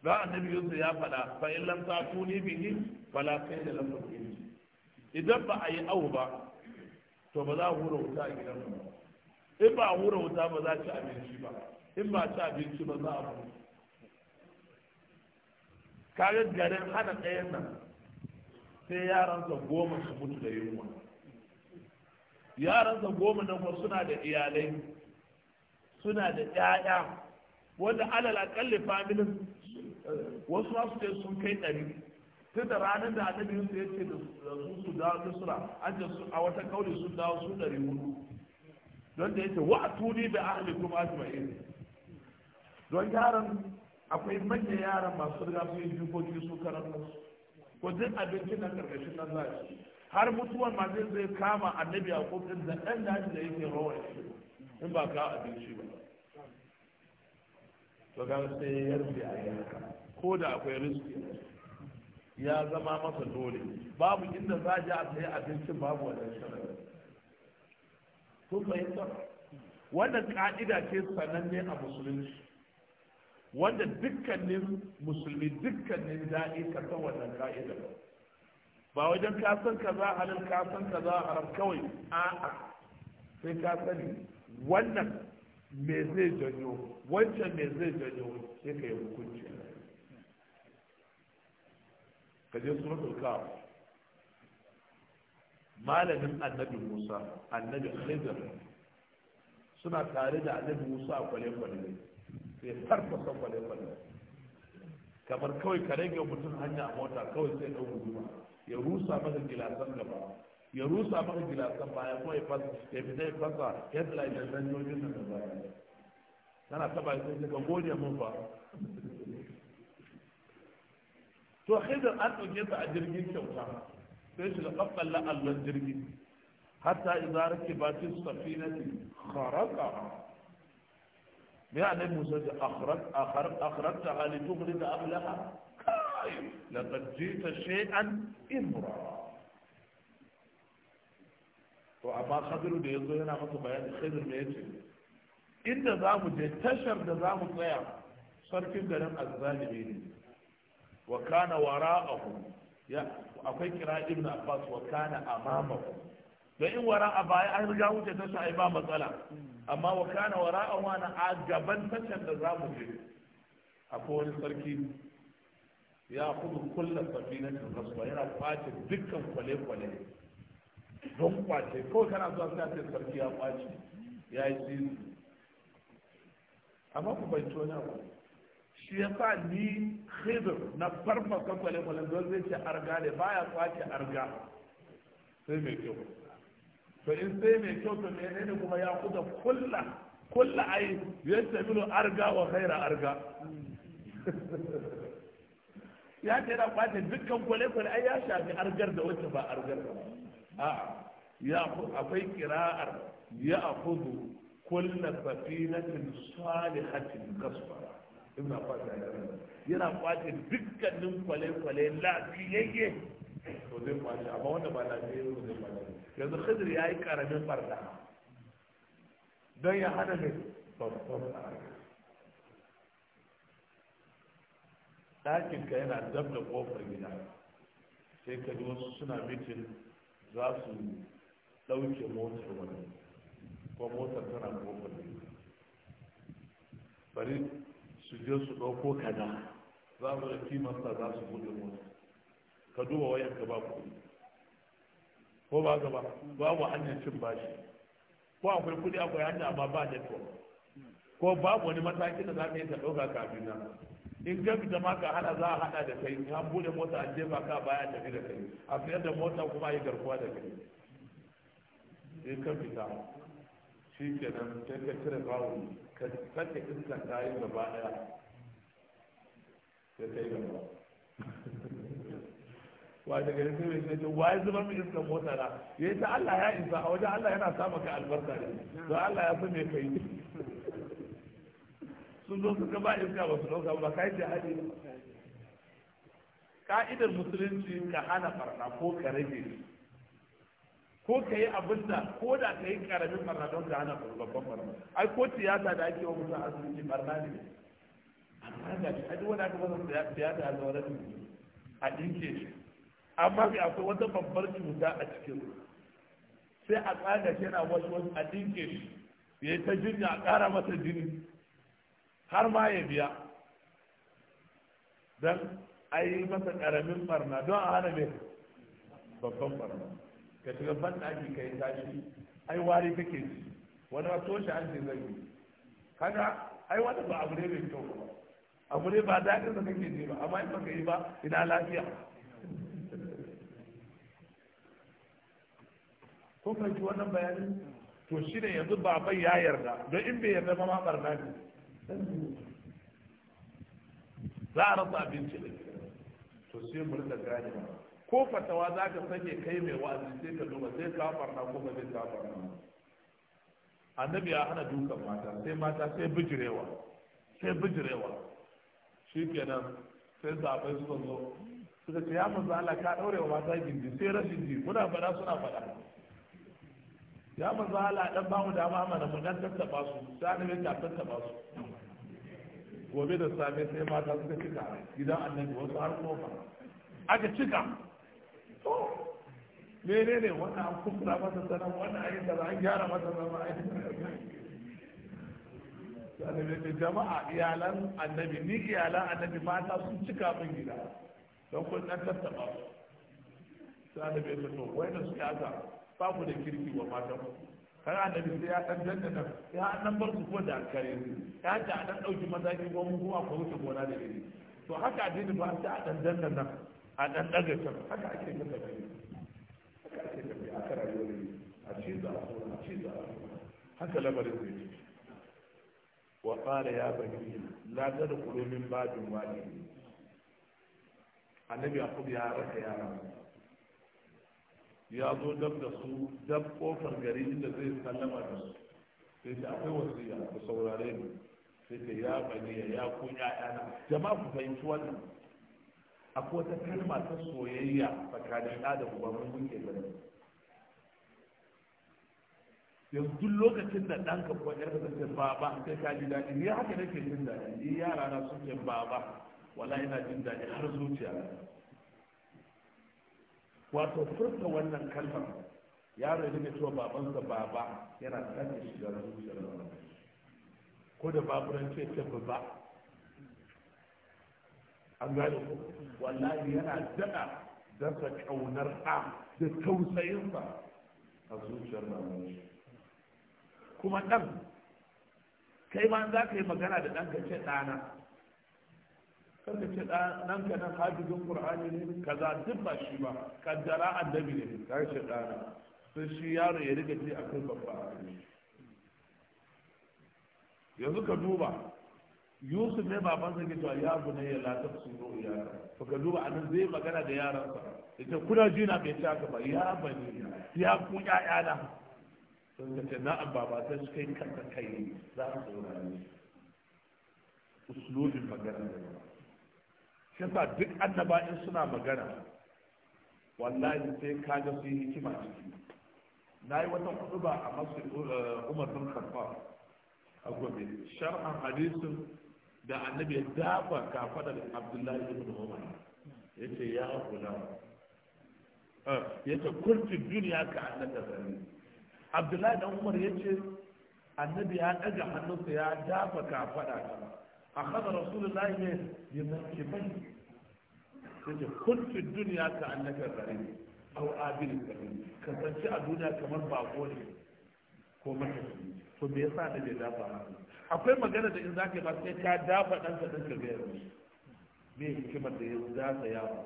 ba annabi yusuf ya faɗa fa'in in lam ta tuni bihi fala kai da lafar ilmi idan ba a yi awu ba to ba za a hura wuta a gidan ba in ba a hura wuta ba za a ci abinci ba in ba a ci abinci ba za a hura. kaga garin hana ɗayan nan sai yaransa goma su mutu da yunwa yaransa goma nan kuma suna da iyalai suna da ƴaƴa wanda alal akalli familin wasu masu ce sun kai ɗari tun da ranar da annabi yusuf ya ce da su su dawo misra an ce a wata kauli sun dawo su ɗari hudu don da ya ce wa tuni da ahli kuma ajma'in don yaran akwai manya yaran masu riga su yi jikoki su karan musu ko duk abinci na karkashin nan za har mutuwar ma zai zai kama annabi a kofin da ɗan da da yake rawar shi in ba ka abinci ba to ga sai ya a yanka ko da akwai riski ya zama masa dole babu inda za a a sayi abincin babu wannan sharar kun fahimta wannan ka'ida ce sananne a musulunci wanda dukkanin musulmi dukkanin da'i ka san wannan ka'ida ba wajen ka san kaza halal ka san kaza haram kawai a'a sai ka sani wannan me zai janyo wancan me zai janyo sai ka yi hukunci ka je suratul kaf malamin annabi musa annabi khidr suna tare da annabi musa a kwale-kwale sai farfasa kwale-kwale kamar kawai ka rage mutum hanya a mota kawai sai ɗau guduma ya rusa maka gilasan gaba ya rusa maka gilasan baya ko ya fasa ya fita ya fasa headline da zanjojin nan da baya tana taba sai ka gode mun fa to khidir an ɗauke ta a jirgin kyauta sai shi da ƙaƙƙalla allon jirgi hatta يعني موسى أخرج أخرج أخرجتها لتغرد أهلها لقد جئت شيئا إمرا وأما خضر ده يقول هنا مطلب خضر ما يجي إن نظام ده تشر نظام طيع صار في قرن الظالمين wa kana wara'ahu ya akwai kira ibn abbas wa kana amamahu dan in wara a baya an riga wuce ta sai ba matsala amma wa kana wara'ahu ana a gaban tashan da zamu je akwai wani sarki ya kudu kullum safinatin rasuwa yana kwace dukkan kwale-kwale don kwace kawai kana zuwa sai ce sarki ya kwace ya yi tsiri amma ku bai tona ba shi ya sa ni khidr na farfasa kwale-kwale don zai ce arga ne ya kwace arga sai mai kyau to in sai mai kyau to ne ne kuma ya kuda kulla kulla ai ya tabilu arga wa khaira arga ya ce na kwace dukkan kwale-kwale ai ya shafi argar da wacce ba argar ba a ya akwai kira'ar ya akudu kulla safinatin salihatin kasfara ibn abbas ya yi yana kwace dukkanin kwale-kwale lafiyayye to zai kwace amma wanda ba lafiyayye ba zai kwace yanzu khidir ya yi karamin barna don ya hana ne babban ɗakin ka yana dab da ƙofar gida sai ka ji wasu suna mitin za su ɗauke motar wani ko motar tana ƙofar gida su je su ɗauko kaza za mu yi kimarsa za su buɗe mota ka duba wayan ka ba kuɗi ko ba gaba babu hanyar cin bashi ko akwai kuɗi akwai hanya amma ba network ko babu wani mataki da za ka yi ta ɗauka kafin nan in ka fita ma ka hada za a hada da kai an bude mota an jefa ka baya tafi da kai a fiye da mota kuma yi garkuwa da kai in ka fita shi ke nan sai ka cire bawon ka sake iskan kayan gaba ɗaya sai ka yi gaba wa daga yanzu mai sai ce waye zuba mai iskan mota na ya ta Allah ya isa a wajen Allah yana sa maka albarka ne don Allah ya san me kai sun zo suka ba iska ba su ɗauka ba kai ce haɗi ka'idar musulunci ka hana farna ko ka rage ko ka yi abin da ko da ka yi karamin barna don ka hana babban barna ai ko siyasa da ake wa mutum asibiti barna ne amma ga shi ai wani aka masa siyasa a zaune da a dinke shi amma bai akwai wata babbar cuta a cikin sai a tsaga shi yana wasu wasu a dinke shi ya yi ta jinya a ƙara masa jini har ma ya biya don a yi masa ƙaramin barna don a hana mai babban barna ka shiga ban daki ka yi tashi ai wari kake ci wani wato shi an ce zai kaga ai wani ba abu ne mai kyau ba abu ne ba daɗin da kake ji ba amma in baka yi ba ina lafiya ko ji wannan bayanin to shi ne yanzu baban ya yarda don in bai yarda ma barna ne za a rasa abinci ne to sai mu rinda gane ba ko fatawa za ka sake kai mai wa'azi sai ka duba sai ka farna ko ba zai kawo barna annabi ya hana dukan mata sai mata sai bijirewa sai bijirewa shi kenan sai zaɓai suka zo suka ce ya manzo Allah ka ɗaure wa mata gindi sai rashin ji muna faɗa suna faɗa ya manzo Allah dan ba mu dama mana mu dan tattaba su sai annabi ta tattaba su gobe da safe sai mata suka cika gidan annabi wasu har kofa aka cika mene ne wannan an kumbura masa sanan wannan an yi da an gyara masa zama an yi da jama'a iyalan annabi ni iyalan annabi mata sun cika min gida don kun ɗan tattaba su sai annabi ya to wai da suke aka ba da kirki wa matan kar annabi sai ya dan dandana ya dan bar su ko da kare ya ta dan dauki mataki ko mun kuma ko wuce gona da iri to haka addini ba ta dan dandana a ɗan ɗaga can haka ake yi tafiya haka ake tafiya aka rayuwar a ce za a so a ce za a haka lamarin zai ci wa ƙara ya bani la ta da kulomin babin wani annabi akwai ya raka yara ya zo dab da su dab kofar gari inda zai sallama da su sai ta akwai wasiya ku saurare mu. sai ta ya bani ya ku yana. jama'a ku fahimci wannan akwai wata kalma ta soyayya tsakanin ɗa da uba mun muke zane yanzu lokacin da ɗanka ko ƴarka ta ce baba sai ka ji daɗi ni haka nake jin daɗi ni yara na sun ce baba wala ina jin daɗi har zuciya wato furta wannan kalmar yaro ya dinga cewa babansa baba yana sake shigar zuciyar ko da baburan ce ce ba an gane ku wallahi yana daɗa dasa ƙaunar ɗa da tausayin ba a zuciyar kuma ɗan kai ma za ka yi magana da ɗan ka ce ɗana kar ka ce ɗan ka nan hajjin ƙur'ani ne kaza duk ba shi ba kaddara annabi ne ka ce ɗana sai shi yaro ya riga ji a kan babba yanzu ka duba yusuf ne baban sa ke cewa ya bu ne ya latar su yi ya to ka duba anan zai magana da yaransa ita kuna jina bai ta ka ba ya ne ya ku ƴaƴana sun ka ce an baba ta su kai kanka kai za su ne uslubin magana da ba shi duk annaba in suna magana wallahi sai ka ga su yi hikima ciki na yi wata kuɗuba a masu uh, umar bin khattab a gobe sharhan hadisin da annabi ya dafa kafa da abdullahi ibn umar yace ya kula yace ah, kurti duniya ka annaka zani abdullahi ibn umar yace annabi ya daga hannunsa ya dafa kafada ta akhadha rasulullahi ne ya yace kurti duniya ka annaka zani au abin ka kasance a duniya kamar bako ne ko matafi to me yasa da bai dafa akwai magana da in za ka ba sai ka dafa ɗanka ɗan ka gaya mishi me hikimar da ya ka yawa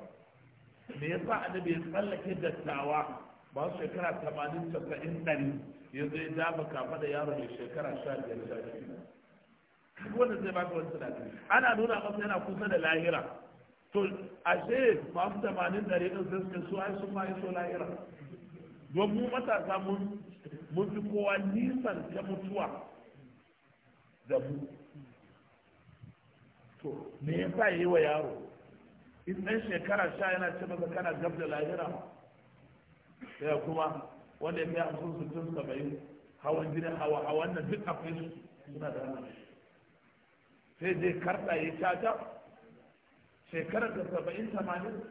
me yasa annabi ya tsallake dattawa ba su shekara tamanin casa'in ɗari yanzu ya dafa kafa da yaro mai shekara sha biyar sha shida wanda zai baka wani tunani ana nuna masa yana kusa da lahira to ashe masu tamanin ɗari ɗin sai su ai sun ma iso lahira don mu matasa mun mun fi kowa nisan ta mutuwa da mu to me yasa yi wa yaro in ɗan shekara sha yana ce masa kana gab da lahira ya kuma wanda ya fi hamsin sittin saba'in hawan jini hawa a wannan duk akwai su suna da hannun sai dai karɗa ya caca shekarar da saba'in tamanin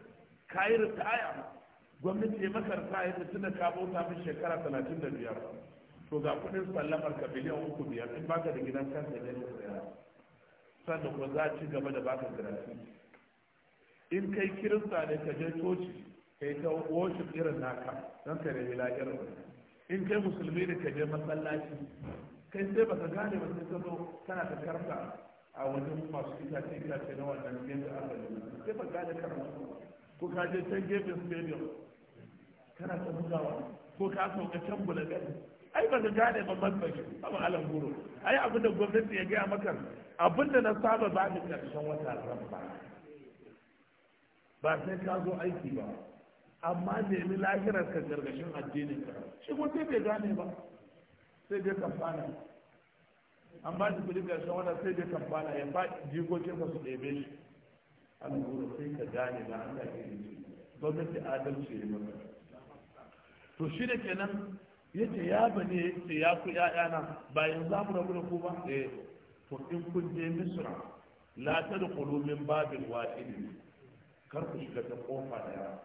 kayi ritaya gwamnati ya makarta yadda tuna ka ta min shekara talatin da biyar to ga kudin sallamar ka biliyan uku biyar in baka da gidan kanka ne ka tsaya sannan kuma za a ci gaba da baka girafi in kai kirista ne ka je coci ka yi ta worship irin naka don ka rabi la'irin in kai musulmi ne ka je masallaci kai sai baka gane ba sai ka zo kana ta karfa a wajen masu itace itace na wannan gefe aka sai ba gane karfa ko ka je can gefen stadium kana ta bugawa ko ka sauka can gari? ai ba ka gane ba man bashi ba alam goro ai abinda gwamnati ya gaya maka abinda na saba ba ni karshen wata ramba ba ba sai ka zo aiki ba amma nemi lahirar ka gargashin addinin ka shi ko sai bai gane ba sai dai kamfana an ba shi kudi karshen wata sai dai kamfana ya ba jikokin ka su ɗebe shi alam goro sai ka gane ba an da ke gwamnati adalci ya maka to shi da kenan ya ce ya ba ne ce ya ku ‘ya'yana bayan za mu rabu da ku ba eh to in kun je misra la ta da kulumin babin wa'idi kar ku shiga ta kofa da yawa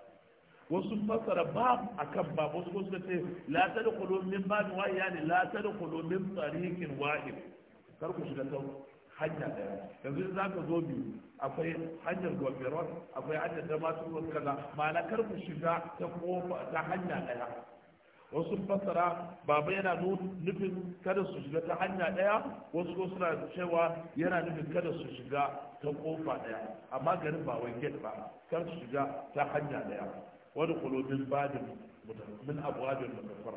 wasu fassara bab akan bab wasu ko suka ce la ta da kulumin babin wa'idi ne la ta da kulumin tsarikin wa'idi kar ku shiga ta hanya ɗaya yanzu za ka zo biyu akwai hanyar gwamnati akwai hanyar da masu wasu kaza ma'ana kar ku shiga ta kofa ta hanya ɗaya wasu fassara baba yana nufin kada su shiga ta hanya ɗaya wasu ko suna cewa yana nufin kada su shiga ta kofa ɗaya amma garin ba wai get ba kar su shiga ta hanya ɗaya wani kulobin badin min abuwa da mutafar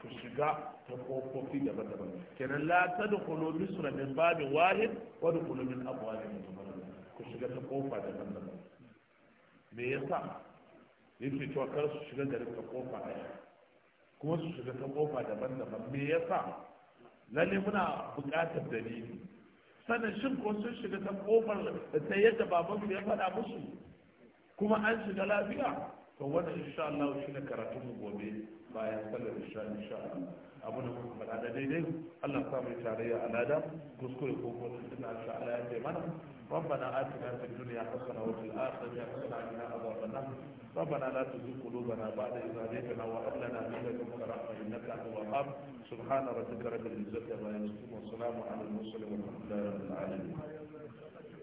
ku shiga ta kofofi daban-daban kenan la tadkhulu misra min babin wahid wa dkhulu min da mutafarriqa ku shiga ta kofa daban-daban me ya yasa yake cewa kar su shiga garin ta kofa ɗaya kuma su shiga ta kofa daban-daban me ya sa? lalle muna buƙatar dalili sannan shin ko sun shiga ta kofar ta yadda babansu ya faɗa musu kuma an shiga lafiya to wannan insha Allah shi ne karatun gobe bayan sallar isha insha Allah abu da kuma faɗa da daidai Allah sa mai tarayya alada kuskure ko ko tunda insha Allah ya ce mana ربنا آتنا في الدنيا حسنة وفي الآخرة حسنة وقنا عذاب النار ربنا لا تزغ قلوبنا بعد إذ هديتنا وهب لنا من لدنك رحمة إنك أنت الوهاب سبحان ربك رب العزة عما يصفون وسلام على المرسلين والحمد لله رب العالمين